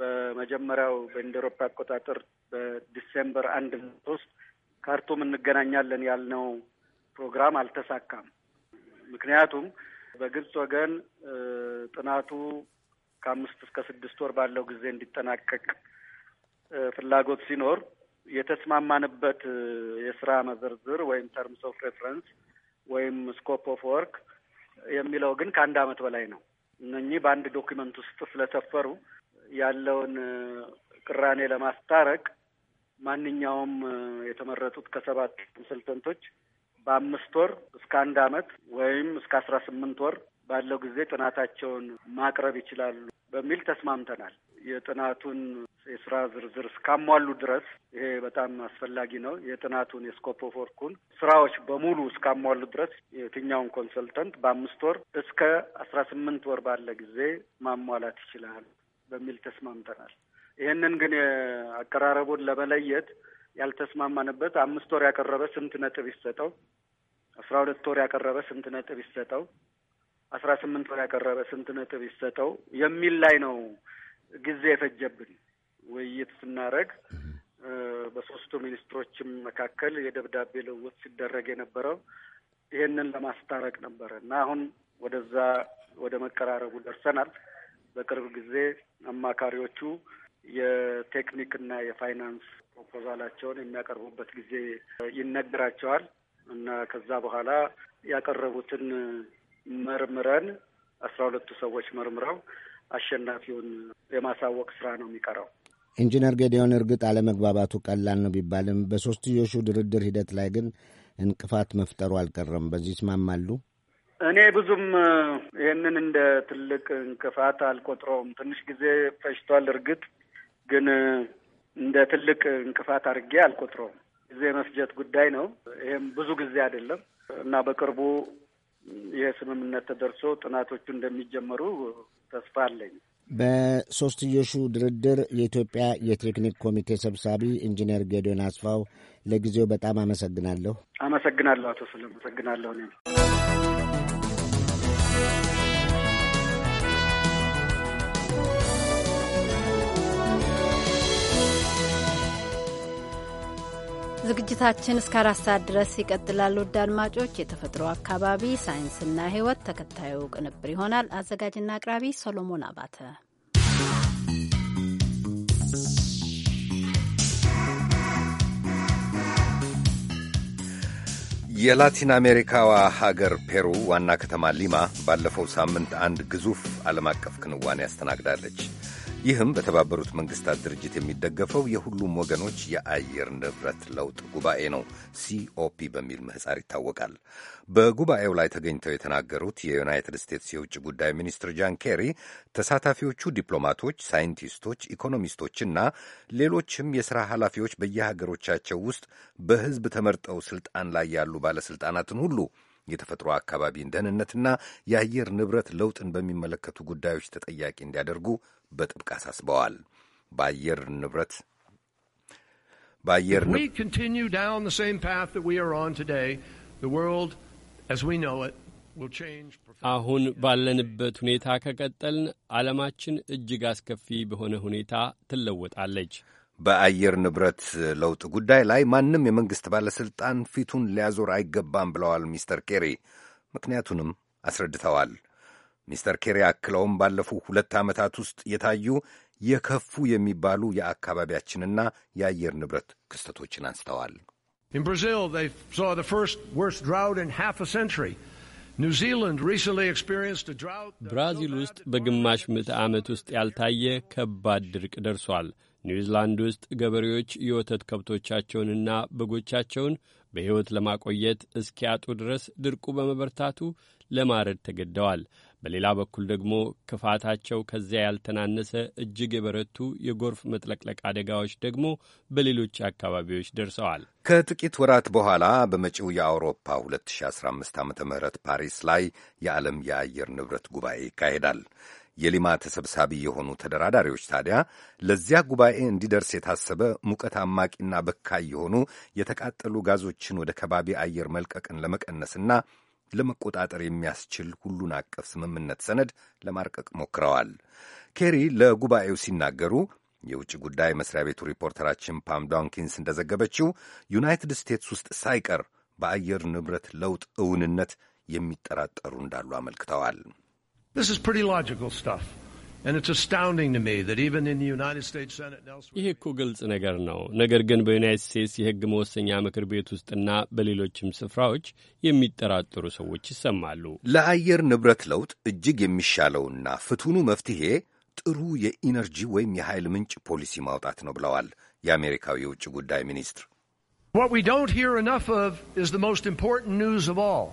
በመጀመሪያው በኢንደ አውሮፓ አቆጣጠር በዲሴምበር አንድ ሶስት ካርቱም እንገናኛለን ያልነው ፕሮግራም አልተሳካም። ምክንያቱም በግብጽ ወገን ጥናቱ ከአምስት እስከ ስድስት ወር ባለው ጊዜ እንዲጠናቀቅ ፍላጎት ሲኖር የተስማማንበት የስራ መዘርዝር ወይም ተርምስ ኦፍ ሬፍረንስ ወይም ስኮፕ ኦፍ ወርክ የሚለው ግን ከአንድ አመት በላይ ነው። እነኚህ በአንድ ዶኪመንት ውስጥ ስለሰፈሩ ያለውን ቅራኔ ለማስታረቅ ማንኛውም የተመረጡት ከሰባት ኮንሰልተንቶች በአምስት ወር እስከ አንድ አመት ወይም እስከ አስራ ስምንት ወር ባለው ጊዜ ጥናታቸውን ማቅረብ ይችላሉ በሚል ተስማምተናል። የጥናቱን የስራ ዝርዝር እስካሟሉ ድረስ ይሄ በጣም አስፈላጊ ነው። የጥናቱን የስኮፕ ኦፍ ወርኩን ስራዎች በሙሉ እስካሟሉ ድረስ የትኛውን ኮንሰልተንት በአምስት ወር እስከ አስራ ስምንት ወር ባለ ጊዜ ማሟላት ይችላል በሚል ተስማምተናል። ይህንን ግን አቀራረቡን ለመለየት ያልተስማማንበት አምስት ወር ያቀረበ ስንት ነጥብ ይሰጠው? አስራ ሁለት ወር ያቀረበ ስንት ነጥብ ይሰጠው? አስራ ስምንት ወር ያቀረበ ስንት ነጥብ ይሰጠው የሚል ላይ ነው ጊዜ የፈጀብን ውይይት ስናደርግ በሶስቱ ሚኒስትሮችም መካከል የደብዳቤ ልውውጥ ሲደረግ የነበረው ይሄንን ለማስታረቅ ነበረ እና አሁን ወደዛ ወደ መቀራረቡ ደርሰናል። በቅርብ ጊዜ አማካሪዎቹ የቴክኒክና የፋይናንስ ፕሮፖዛላቸውን የሚያቀርቡበት ጊዜ ይነገራቸዋል እና ከዛ በኋላ ያቀረቡትን መርምረን አስራ ሁለቱ ሰዎች መርምረው አሸናፊውን የማሳወቅ ስራ ነው የሚቀረው። ኢንጂነር ጌዲዮን እርግጥ አለመግባባቱ ቀላል ነው ቢባልም በሶስትዮሹ ድርድር ሂደት ላይ ግን እንቅፋት መፍጠሩ አልቀረም። በዚህ ይስማማሉ? እኔ ብዙም ይህንን እንደ ትልቅ እንቅፋት አልቆጥረውም። ትንሽ ጊዜ ፈጅቷል። እርግጥ ግን እንደ ትልቅ እንቅፋት አድርጌ አልቆጥረውም። ጊዜ የመፍጀት ጉዳይ ነው። ይህም ብዙ ጊዜ አይደለም እና በቅርቡ ይህ ስምምነት ተደርሶ ጥናቶቹ እንደሚጀመሩ ተስፋ አለኝ። በሶስትዮሹ ድርድር የኢትዮጵያ የቴክኒክ ኮሚቴ ሰብሳቢ ኢንጂነር ጌዲዮን አስፋው ለጊዜው በጣም አመሰግናለሁ። አመሰግናለሁ አቶ ስለ አመሰግናለሁ እኔም ዝግጅታችን እስከ አራት ሰዓት ድረስ ይቀጥላል። ውድ አድማጮች፣ የተፈጥሮ አካባቢ ሳይንስና ሕይወት ተከታዩ ቅንብር ይሆናል። አዘጋጅና አቅራቢ ሶሎሞን አባተ። የላቲን አሜሪካዋ ሀገር ፔሩ ዋና ከተማ ሊማ ባለፈው ሳምንት አንድ ግዙፍ ዓለም አቀፍ ክንዋኔ ያስተናግዳለች። ይህም በተባበሩት መንግስታት ድርጅት የሚደገፈው የሁሉም ወገኖች የአየር ንብረት ለውጥ ጉባኤ ነው። ሲኦፒ በሚል ምህጻር ይታወቃል። በጉባኤው ላይ ተገኝተው የተናገሩት የዩናይትድ ስቴትስ የውጭ ጉዳይ ሚኒስትር ጃን ኬሪ ተሳታፊዎቹ ዲፕሎማቶች፣ ሳይንቲስቶች፣ ኢኮኖሚስቶችና ሌሎችም የሥራ ኃላፊዎች በየሀገሮቻቸው ውስጥ በሕዝብ ተመርጠው ሥልጣን ላይ ያሉ ባለሥልጣናትን ሁሉ የተፈጥሮ አካባቢን ደህንነትና የአየር ንብረት ለውጥን በሚመለከቱ ጉዳዮች ተጠያቂ እንዲያደርጉ በጥብቅ አሳስበዋል። በአየር ንብረት በአየር አሁን ባለንበት ሁኔታ ከቀጠልን ዓለማችን እጅግ አስከፊ በሆነ ሁኔታ ትለወጣለች። በአየር ንብረት ለውጥ ጉዳይ ላይ ማንም የመንግሥት ባለሥልጣን ፊቱን ሊያዞር አይገባም ብለዋል ሚስተር ኬሪ። ምክንያቱንም አስረድተዋል። ሚስተር ኬሪ አክለውም ባለፉ ሁለት ዓመታት ውስጥ የታዩ የከፉ የሚባሉ የአካባቢያችንና የአየር ንብረት ክስተቶችን አንስተዋል። ብራዚል ውስጥ በግማሽ ምዕተ ዓመት ውስጥ ያልታየ ከባድ ድርቅ ደርሷል። ኒውዚላንድ ውስጥ ገበሬዎች የወተት ከብቶቻቸውንና በጎቻቸውን በሕይወት ለማቆየት እስኪያጡ ድረስ ድርቁ በመበርታቱ ለማረድ ተገደዋል። በሌላ በኩል ደግሞ ክፋታቸው ከዚያ ያልተናነሰ እጅግ የበረቱ የጎርፍ መጥለቅለቅ አደጋዎች ደግሞ በሌሎች አካባቢዎች ደርሰዋል። ከጥቂት ወራት በኋላ በመጪው የአውሮፓ 2015 ዓ ም ፓሪስ ላይ የዓለም የአየር ንብረት ጉባኤ ይካሄዳል። የሊማ ተሰብሳቢ የሆኑ ተደራዳሪዎች ታዲያ ለዚያ ጉባኤ እንዲደርስ የታሰበ ሙቀት አማቂና በካይ የሆኑ የተቃጠሉ ጋዞችን ወደ ከባቢ አየር መልቀቅን ለመቀነስና ለመቆጣጠር የሚያስችል ሁሉን አቀፍ ስምምነት ሰነድ ለማርቀቅ ሞክረዋል። ኬሪ ለጉባኤው ሲናገሩ የውጭ ጉዳይ መስሪያ ቤቱ ሪፖርተራችን ፓም ዶንኪንስ እንደዘገበችው ዩናይትድ ስቴትስ ውስጥ ሳይቀር በአየር ንብረት ለውጥ እውንነት የሚጠራጠሩ እንዳሉ አመልክተዋል። This is pretty logical stuff. And it's astounding to me that even in the United States Senate and elsewhere ይህ እኮ ግልጽ ነገር ነው። ነገር ግን በዩናይት ስቴትስ የሕግ መወሰኛ ምክር ቤት ውስጥና በሌሎችም ስፍራዎች የሚጠራጠሩ ሰዎች ይሰማሉ። ለአየር ንብረት ለውጥ እጅግ የሚሻለውና ፍቱኑ መፍትሄ ጥሩ የኢነርጂ ወይም የኃይል ምንጭ ፖሊሲ ማውጣት ነው ብለዋል የአሜሪካው የውጭ ጉዳይ ሚኒስትር። What we don't hear enough of is the most important news of all.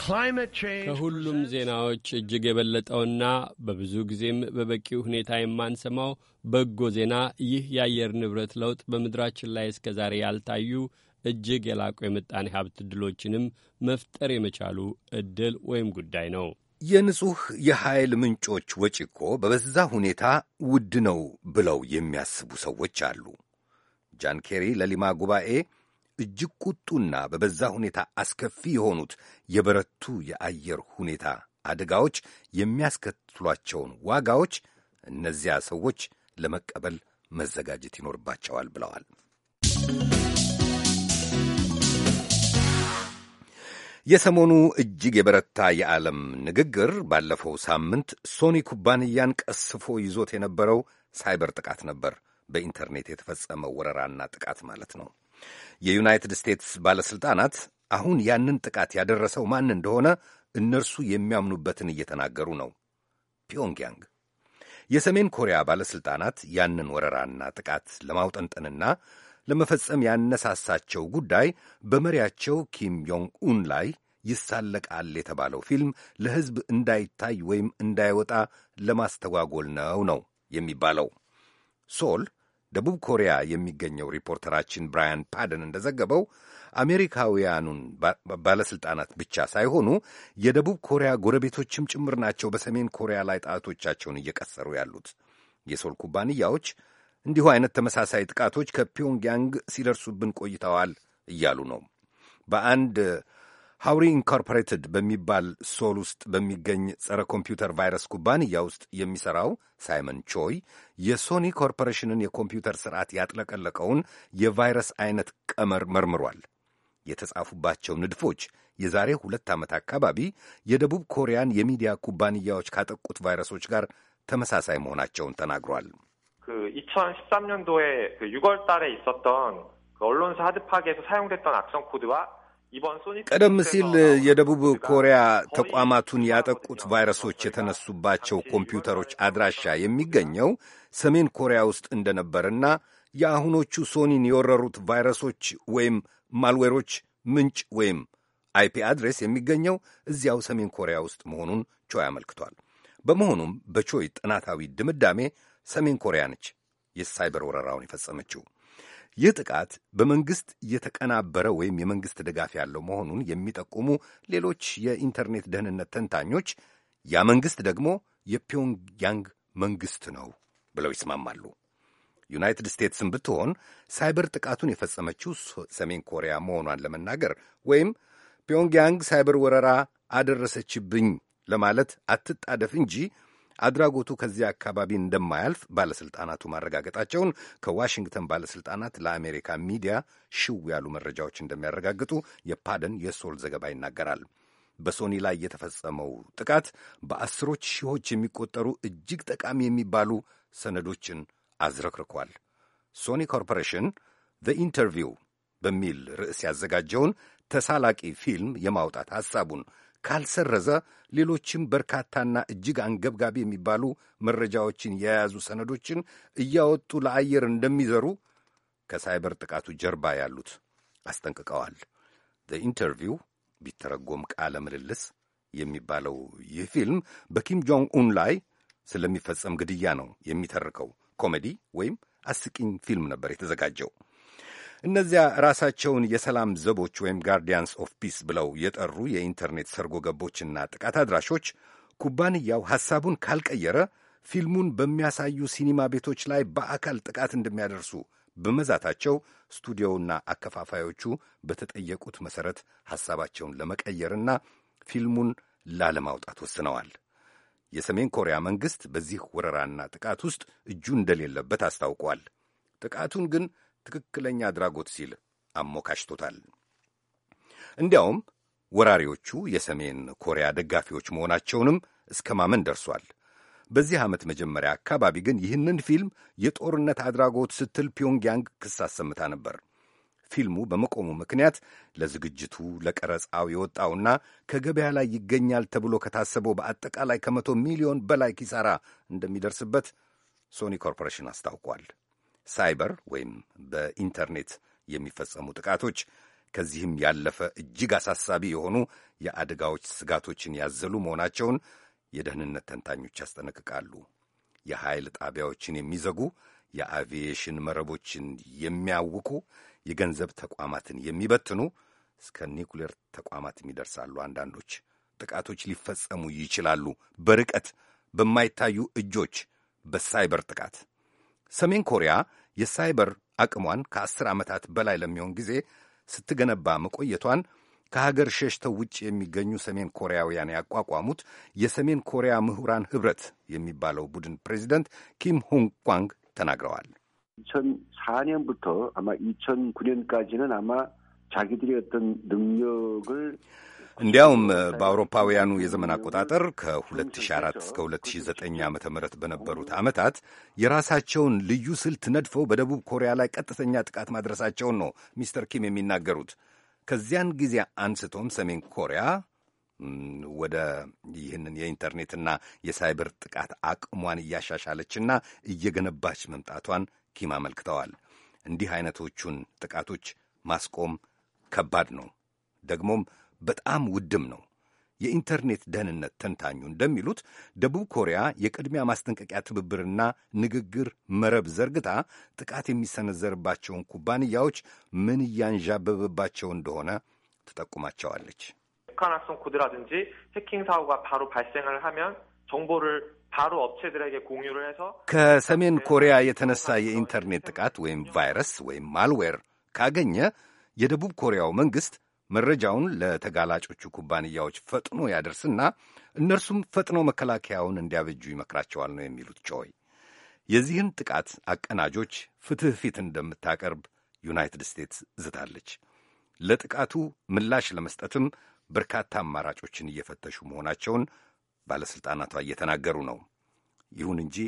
ከሁሉም ዜናዎች እጅግ የበለጠውና በብዙ ጊዜም በበቂ ሁኔታ የማንሰማው በጎ ዜና ይህ የአየር ንብረት ለውጥ በምድራችን ላይ እስከ ዛሬ ያልታዩ እጅግ የላቁ የምጣኔ ሀብት ዕድሎችንም መፍጠር የመቻሉ ዕድል ወይም ጉዳይ ነው። የንጹሕ የኃይል ምንጮች ወጪ እኮ በበዛ ሁኔታ ውድ ነው ብለው የሚያስቡ ሰዎች አሉ። ጃን ኬሪ ለሊማ ጉባኤ እጅግ ቁጡና በበዛ ሁኔታ አስከፊ የሆኑት የበረቱ የአየር ሁኔታ አደጋዎች የሚያስከትሏቸውን ዋጋዎች እነዚያ ሰዎች ለመቀበል መዘጋጀት ይኖርባቸዋል ብለዋል። የሰሞኑ እጅግ የበረታ የዓለም ንግግር ባለፈው ሳምንት ሶኒ ኩባንያን ቀስፎ ይዞት የነበረው ሳይበር ጥቃት ነበር። በኢንተርኔት የተፈጸመ ወረራና ጥቃት ማለት ነው። የዩናይትድ ስቴትስ ባለሥልጣናት አሁን ያንን ጥቃት ያደረሰው ማን እንደሆነ እነርሱ የሚያምኑበትን እየተናገሩ ነው። ፒዮንግያንግ የሰሜን ኮሪያ ባለሥልጣናት ያንን ወረራና ጥቃት ለማውጠንጠንና ለመፈጸም ያነሳሳቸው ጉዳይ በመሪያቸው ኪም ዮንግ ኡን ላይ ይሳለቃል የተባለው ፊልም ለሕዝብ እንዳይታይ ወይም እንዳይወጣ ለማስተጓጎል ነው ነው የሚባለው ሶል ደቡብ ኮሪያ የሚገኘው ሪፖርተራችን ብራያን ፓደን እንደዘገበው አሜሪካውያኑን ባለሥልጣናት ብቻ ሳይሆኑ የደቡብ ኮሪያ ጎረቤቶችም ጭምር ናቸው በሰሜን ኮሪያ ላይ ጣቶቻቸውን እየቀሰሩ ያሉት። የሶል ኩባንያዎች እንዲሁ አይነት ተመሳሳይ ጥቃቶች ከፒዮንግያንግ ሲደርሱብን ቆይተዋል እያሉ ነው። በአንድ ሀውሪ ኢንኮርፖሬትድ በሚባል ሶል ውስጥ በሚገኝ ጸረ ኮምፒውተር ቫይረስ ኩባንያ ውስጥ የሚሠራው ሳይመን ቾይ የሶኒ ኮርፖሬሽንን የኮምፒውተር ስርዓት ያጥለቀለቀውን የቫይረስ አይነት ቀመር መርምሯል። የተጻፉባቸው ንድፎች የዛሬ ሁለት ዓመት አካባቢ የደቡብ ኮሪያን የሚዲያ ኩባንያዎች ካጠቁት ቫይረሶች ጋር ተመሳሳይ መሆናቸውን ተናግሯል። 그2013년도에 ከ 2013 년도에 6월 있었던 언론사 사용됐던 악성 코드와 ቀደም ሲል የደቡብ ኮሪያ ተቋማቱን ያጠቁት ቫይረሶች የተነሱባቸው ኮምፒውተሮች አድራሻ የሚገኘው ሰሜን ኮሪያ ውስጥ እንደነበርና የአሁኖቹ ሶኒን የወረሩት ቫይረሶች ወይም ማልዌሮች ምንጭ ወይም አይፒ አድሬስ የሚገኘው እዚያው ሰሜን ኮሪያ ውስጥ መሆኑን ቾይ አመልክቷል። በመሆኑም በቾይ ጥናታዊ ድምዳሜ ሰሜን ኮሪያ ነች የሳይበር ወረራውን የፈጸመችው። ይህ ጥቃት በመንግሥት የተቀናበረ ወይም የመንግሥት ድጋፍ ያለው መሆኑን የሚጠቁሙ ሌሎች የኢንተርኔት ደህንነት ተንታኞች ያ መንግሥት ደግሞ የፒዮንግያንግ መንግሥት ነው ብለው ይስማማሉ። ዩናይትድ ስቴትስም ብትሆን ሳይበር ጥቃቱን የፈጸመችው ሰሜን ኮሪያ መሆኗን ለመናገር ወይም ፒዮንግያንግ ሳይበር ወረራ አደረሰችብኝ ለማለት አትጣደፍ እንጂ አድራጎቱ ከዚያ አካባቢ እንደማያልፍ ባለሥልጣናቱ ማረጋገጣቸውን ከዋሽንግተን ባለሥልጣናት ለአሜሪካ ሚዲያ ሽው ያሉ መረጃዎች እንደሚያረጋግጡ የፓደን የሶል ዘገባ ይናገራል። በሶኒ ላይ የተፈጸመው ጥቃት በአስሮች ሺዎች የሚቆጠሩ እጅግ ጠቃሚ የሚባሉ ሰነዶችን አዝረክርኳል። ሶኒ ኮርፖሬሽን ዘ ኢንተርቪው በሚል ርዕስ ያዘጋጀውን ተሳላቂ ፊልም የማውጣት ሐሳቡን ካልሰረዘ ሌሎችም በርካታና እጅግ አንገብጋቢ የሚባሉ መረጃዎችን የያዙ ሰነዶችን እያወጡ ለአየር እንደሚዘሩ ከሳይበር ጥቃቱ ጀርባ ያሉት አስጠንቅቀዋል። ኢንተርቪው ቢተረጎም ቃለ ምልልስ የሚባለው ይህ ፊልም በኪም ጆንግ ኡን ላይ ስለሚፈጸም ግድያ ነው የሚተርከው። ኮሜዲ ወይም አስቂኝ ፊልም ነበር የተዘጋጀው። እነዚያ ራሳቸውን የሰላም ዘቦች ወይም ጋርዲያንስ ኦፍ ፒስ ብለው የጠሩ የኢንተርኔት ሰርጎ ገቦችና ጥቃት አድራሾች ኩባንያው ሐሳቡን ካልቀየረ ፊልሙን በሚያሳዩ ሲኒማ ቤቶች ላይ በአካል ጥቃት እንደሚያደርሱ በመዛታቸው ስቱዲዮውና አከፋፋዮቹ በተጠየቁት መሠረት ሐሳባቸውን ለመቀየርና ፊልሙን ላለማውጣት ወስነዋል። የሰሜን ኮሪያ መንግሥት በዚህ ወረራና ጥቃት ውስጥ እጁ እንደሌለበት አስታውቋል። ጥቃቱን ግን ትክክለኛ አድራጎት ሲል አሞካሽቶታል። እንዲያውም ወራሪዎቹ የሰሜን ኮሪያ ደጋፊዎች መሆናቸውንም እስከ ማመን ደርሷል። በዚህ ዓመት መጀመሪያ አካባቢ ግን ይህንን ፊልም የጦርነት አድራጎት ስትል ፒዮንግያንግ ክስ አሰምታ ነበር። ፊልሙ በመቆሙ ምክንያት ለዝግጅቱ ለቀረጻው የወጣውና ከገበያ ላይ ይገኛል ተብሎ ከታሰበው በአጠቃላይ ከመቶ ሚሊዮን በላይ ኪሳራ እንደሚደርስበት ሶኒ ኮርፖሬሽን አስታውቋል። ሳይበር ወይም በኢንተርኔት የሚፈጸሙ ጥቃቶች ከዚህም ያለፈ እጅግ አሳሳቢ የሆኑ የአደጋዎች ስጋቶችን ያዘሉ መሆናቸውን የደህንነት ተንታኞች ያስጠነቅቃሉ። የኃይል ጣቢያዎችን የሚዘጉ፣ የአቪዬሽን መረቦችን የሚያውኩ፣ የገንዘብ ተቋማትን የሚበትኑ እስከ ኒውክሌር ተቋማትም ይደርሳሉ። አንዳንዶች ጥቃቶች ሊፈጸሙ ይችላሉ፣ በርቀት በማይታዩ እጆች፣ በሳይበር ጥቃት ሰሜን ኮሪያ የሳይበር አቅሟን ከአስር ዓመታት በላይ ለሚሆን ጊዜ ስትገነባ መቆየቷን ከሀገር ሸሽተው ውጭ የሚገኙ ሰሜን ኮሪያውያን ያቋቋሙት የሰሜን ኮሪያ ምሁራን ኅብረት የሚባለው ቡድን ፕሬዚደንት ኪም ሆንግ ኳንግ ተናግረዋል። 2004년부터 아마 2009년까지는 아마 자기들의 어떤 능력을 እንዲያውም በአውሮፓውያኑ የዘመን አቆጣጠር ከ2004 እስከ 2009 ዓ ም በነበሩት ዓመታት የራሳቸውን ልዩ ስልት ነድፈው በደቡብ ኮሪያ ላይ ቀጥተኛ ጥቃት ማድረሳቸውን ነው ሚስተር ኪም የሚናገሩት። ከዚያን ጊዜ አንስቶም ሰሜን ኮሪያ ወደ ይህንን የኢንተርኔትና የሳይበር ጥቃት አቅሟን እያሻሻለችና እየገነባች መምጣቷን ኪም አመልክተዋል። እንዲህ አይነቶቹን ጥቃቶች ማስቆም ከባድ ነው ደግሞም በጣም ውድም ነው። የኢንተርኔት ደህንነት ተንታኙ እንደሚሉት ደቡብ ኮሪያ የቅድሚያ ማስጠንቀቂያ ትብብርና ንግግር መረብ ዘርግታ ጥቃት የሚሰነዘርባቸውን ኩባንያዎች ምን እያንዣበበባቸው እንደሆነ ትጠቁማቸዋለች። 해킹 사고가 바로 발생을 하면 정보를 ከሰሜን ኮሪያ የተነሳ የኢንተርኔት ጥቃት ወይም ቫይረስ ወይም ማልዌር ካገኘ የደቡብ ኮሪያው መንግሥት መረጃውን ለተጋላጮቹ ኩባንያዎች ፈጥኖ ያደርስና እነርሱም ፈጥኖ መከላከያውን እንዲያበጁ ይመክራቸዋል ነው የሚሉት ጮይ። የዚህን ጥቃት አቀናጆች ፍትሕ ፊት እንደምታቀርብ ዩናይትድ ስቴትስ ዝታለች። ለጥቃቱ ምላሽ ለመስጠትም በርካታ አማራጮችን እየፈተሹ መሆናቸውን ባለሥልጣናቷ እየተናገሩ ነው። ይሁን እንጂ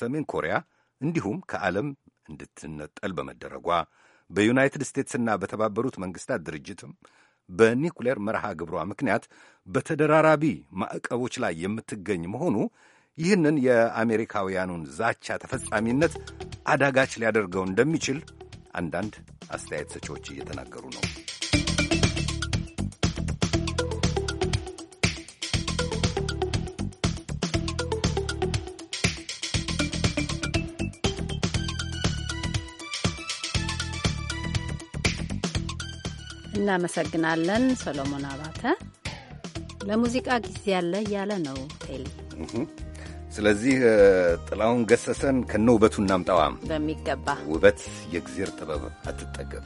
ሰሜን ኮሪያ እንዲሁም ከዓለም እንድትነጠል በመደረጓ በዩናይትድ ስቴትስና በተባበሩት መንግስታት ድርጅትም በኒኩሌር መርሃ ግብሯ ምክንያት በተደራራቢ ማዕቀቦች ላይ የምትገኝ መሆኑ ይህንን የአሜሪካውያኑን ዛቻ ተፈጻሚነት አዳጋች ሊያደርገው እንደሚችል አንዳንድ አስተያየት ሰጪዎች እየተናገሩ ነው። እናመሰግናለን ሰሎሞን አባተ። ለሙዚቃ ጊዜ ያለ እያለ ነው ቴሊ። ስለዚህ ጥላውን ገሰሰን ከነ ውበቱ እናምጣዋም በሚገባ ውበት የእግዜር ጥበብ አትጠገብ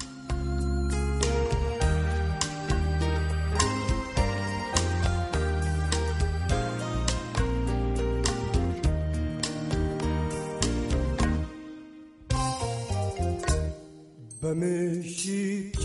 በምሽጬ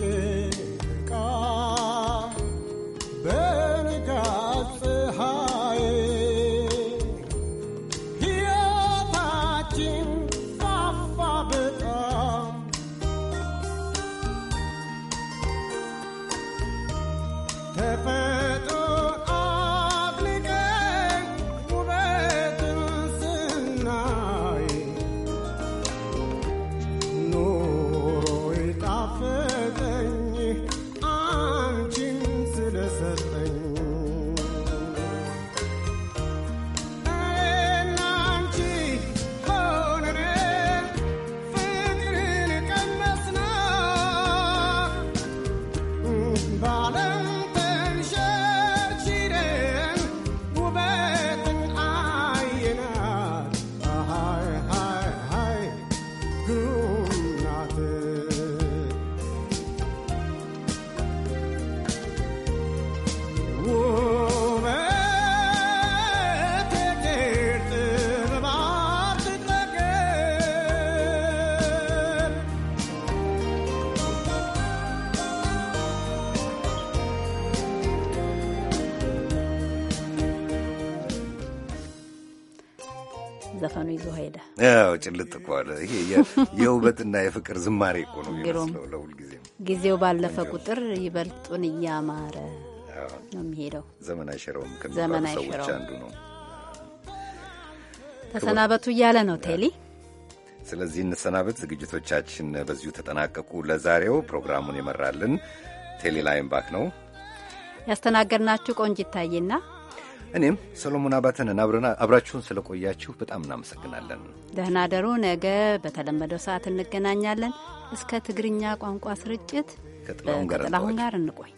ነው ይዞ ሄደ። ያው ጭልጥ እኮ አለ። ይሄ የውበትና የፍቅር ዝማሬ እኮ ነው የሚመስለው። ጊዜ። ጊዜው ባለፈ ቁጥር ይበልጡን እያማረ ነው የሚሄደው። ዘመን አይሽረውም ከሚባሉ ሰዎች አንዱ ነው። ተሰናበቱ እያለ ነው ቴሊ። ስለዚህ እንሰናበት። ዝግጅቶቻችን በዚሁ ተጠናቀቁ። ለዛሬው ፕሮግራሙን የመራልን ቴሌ ላይምባክ ነው። ያስተናገድናችሁ ቆንጂት ታዬና እኔም ሰሎሞን አባተንን አብራችሁን ስለቆያችሁ በጣም እናመሰግናለን። ደህና ደሩ። ነገ በተለመደው ሰዓት እንገናኛለን። እስከ ትግርኛ ቋንቋ ስርጭት ከጥላሁን ጋር እንቆይ።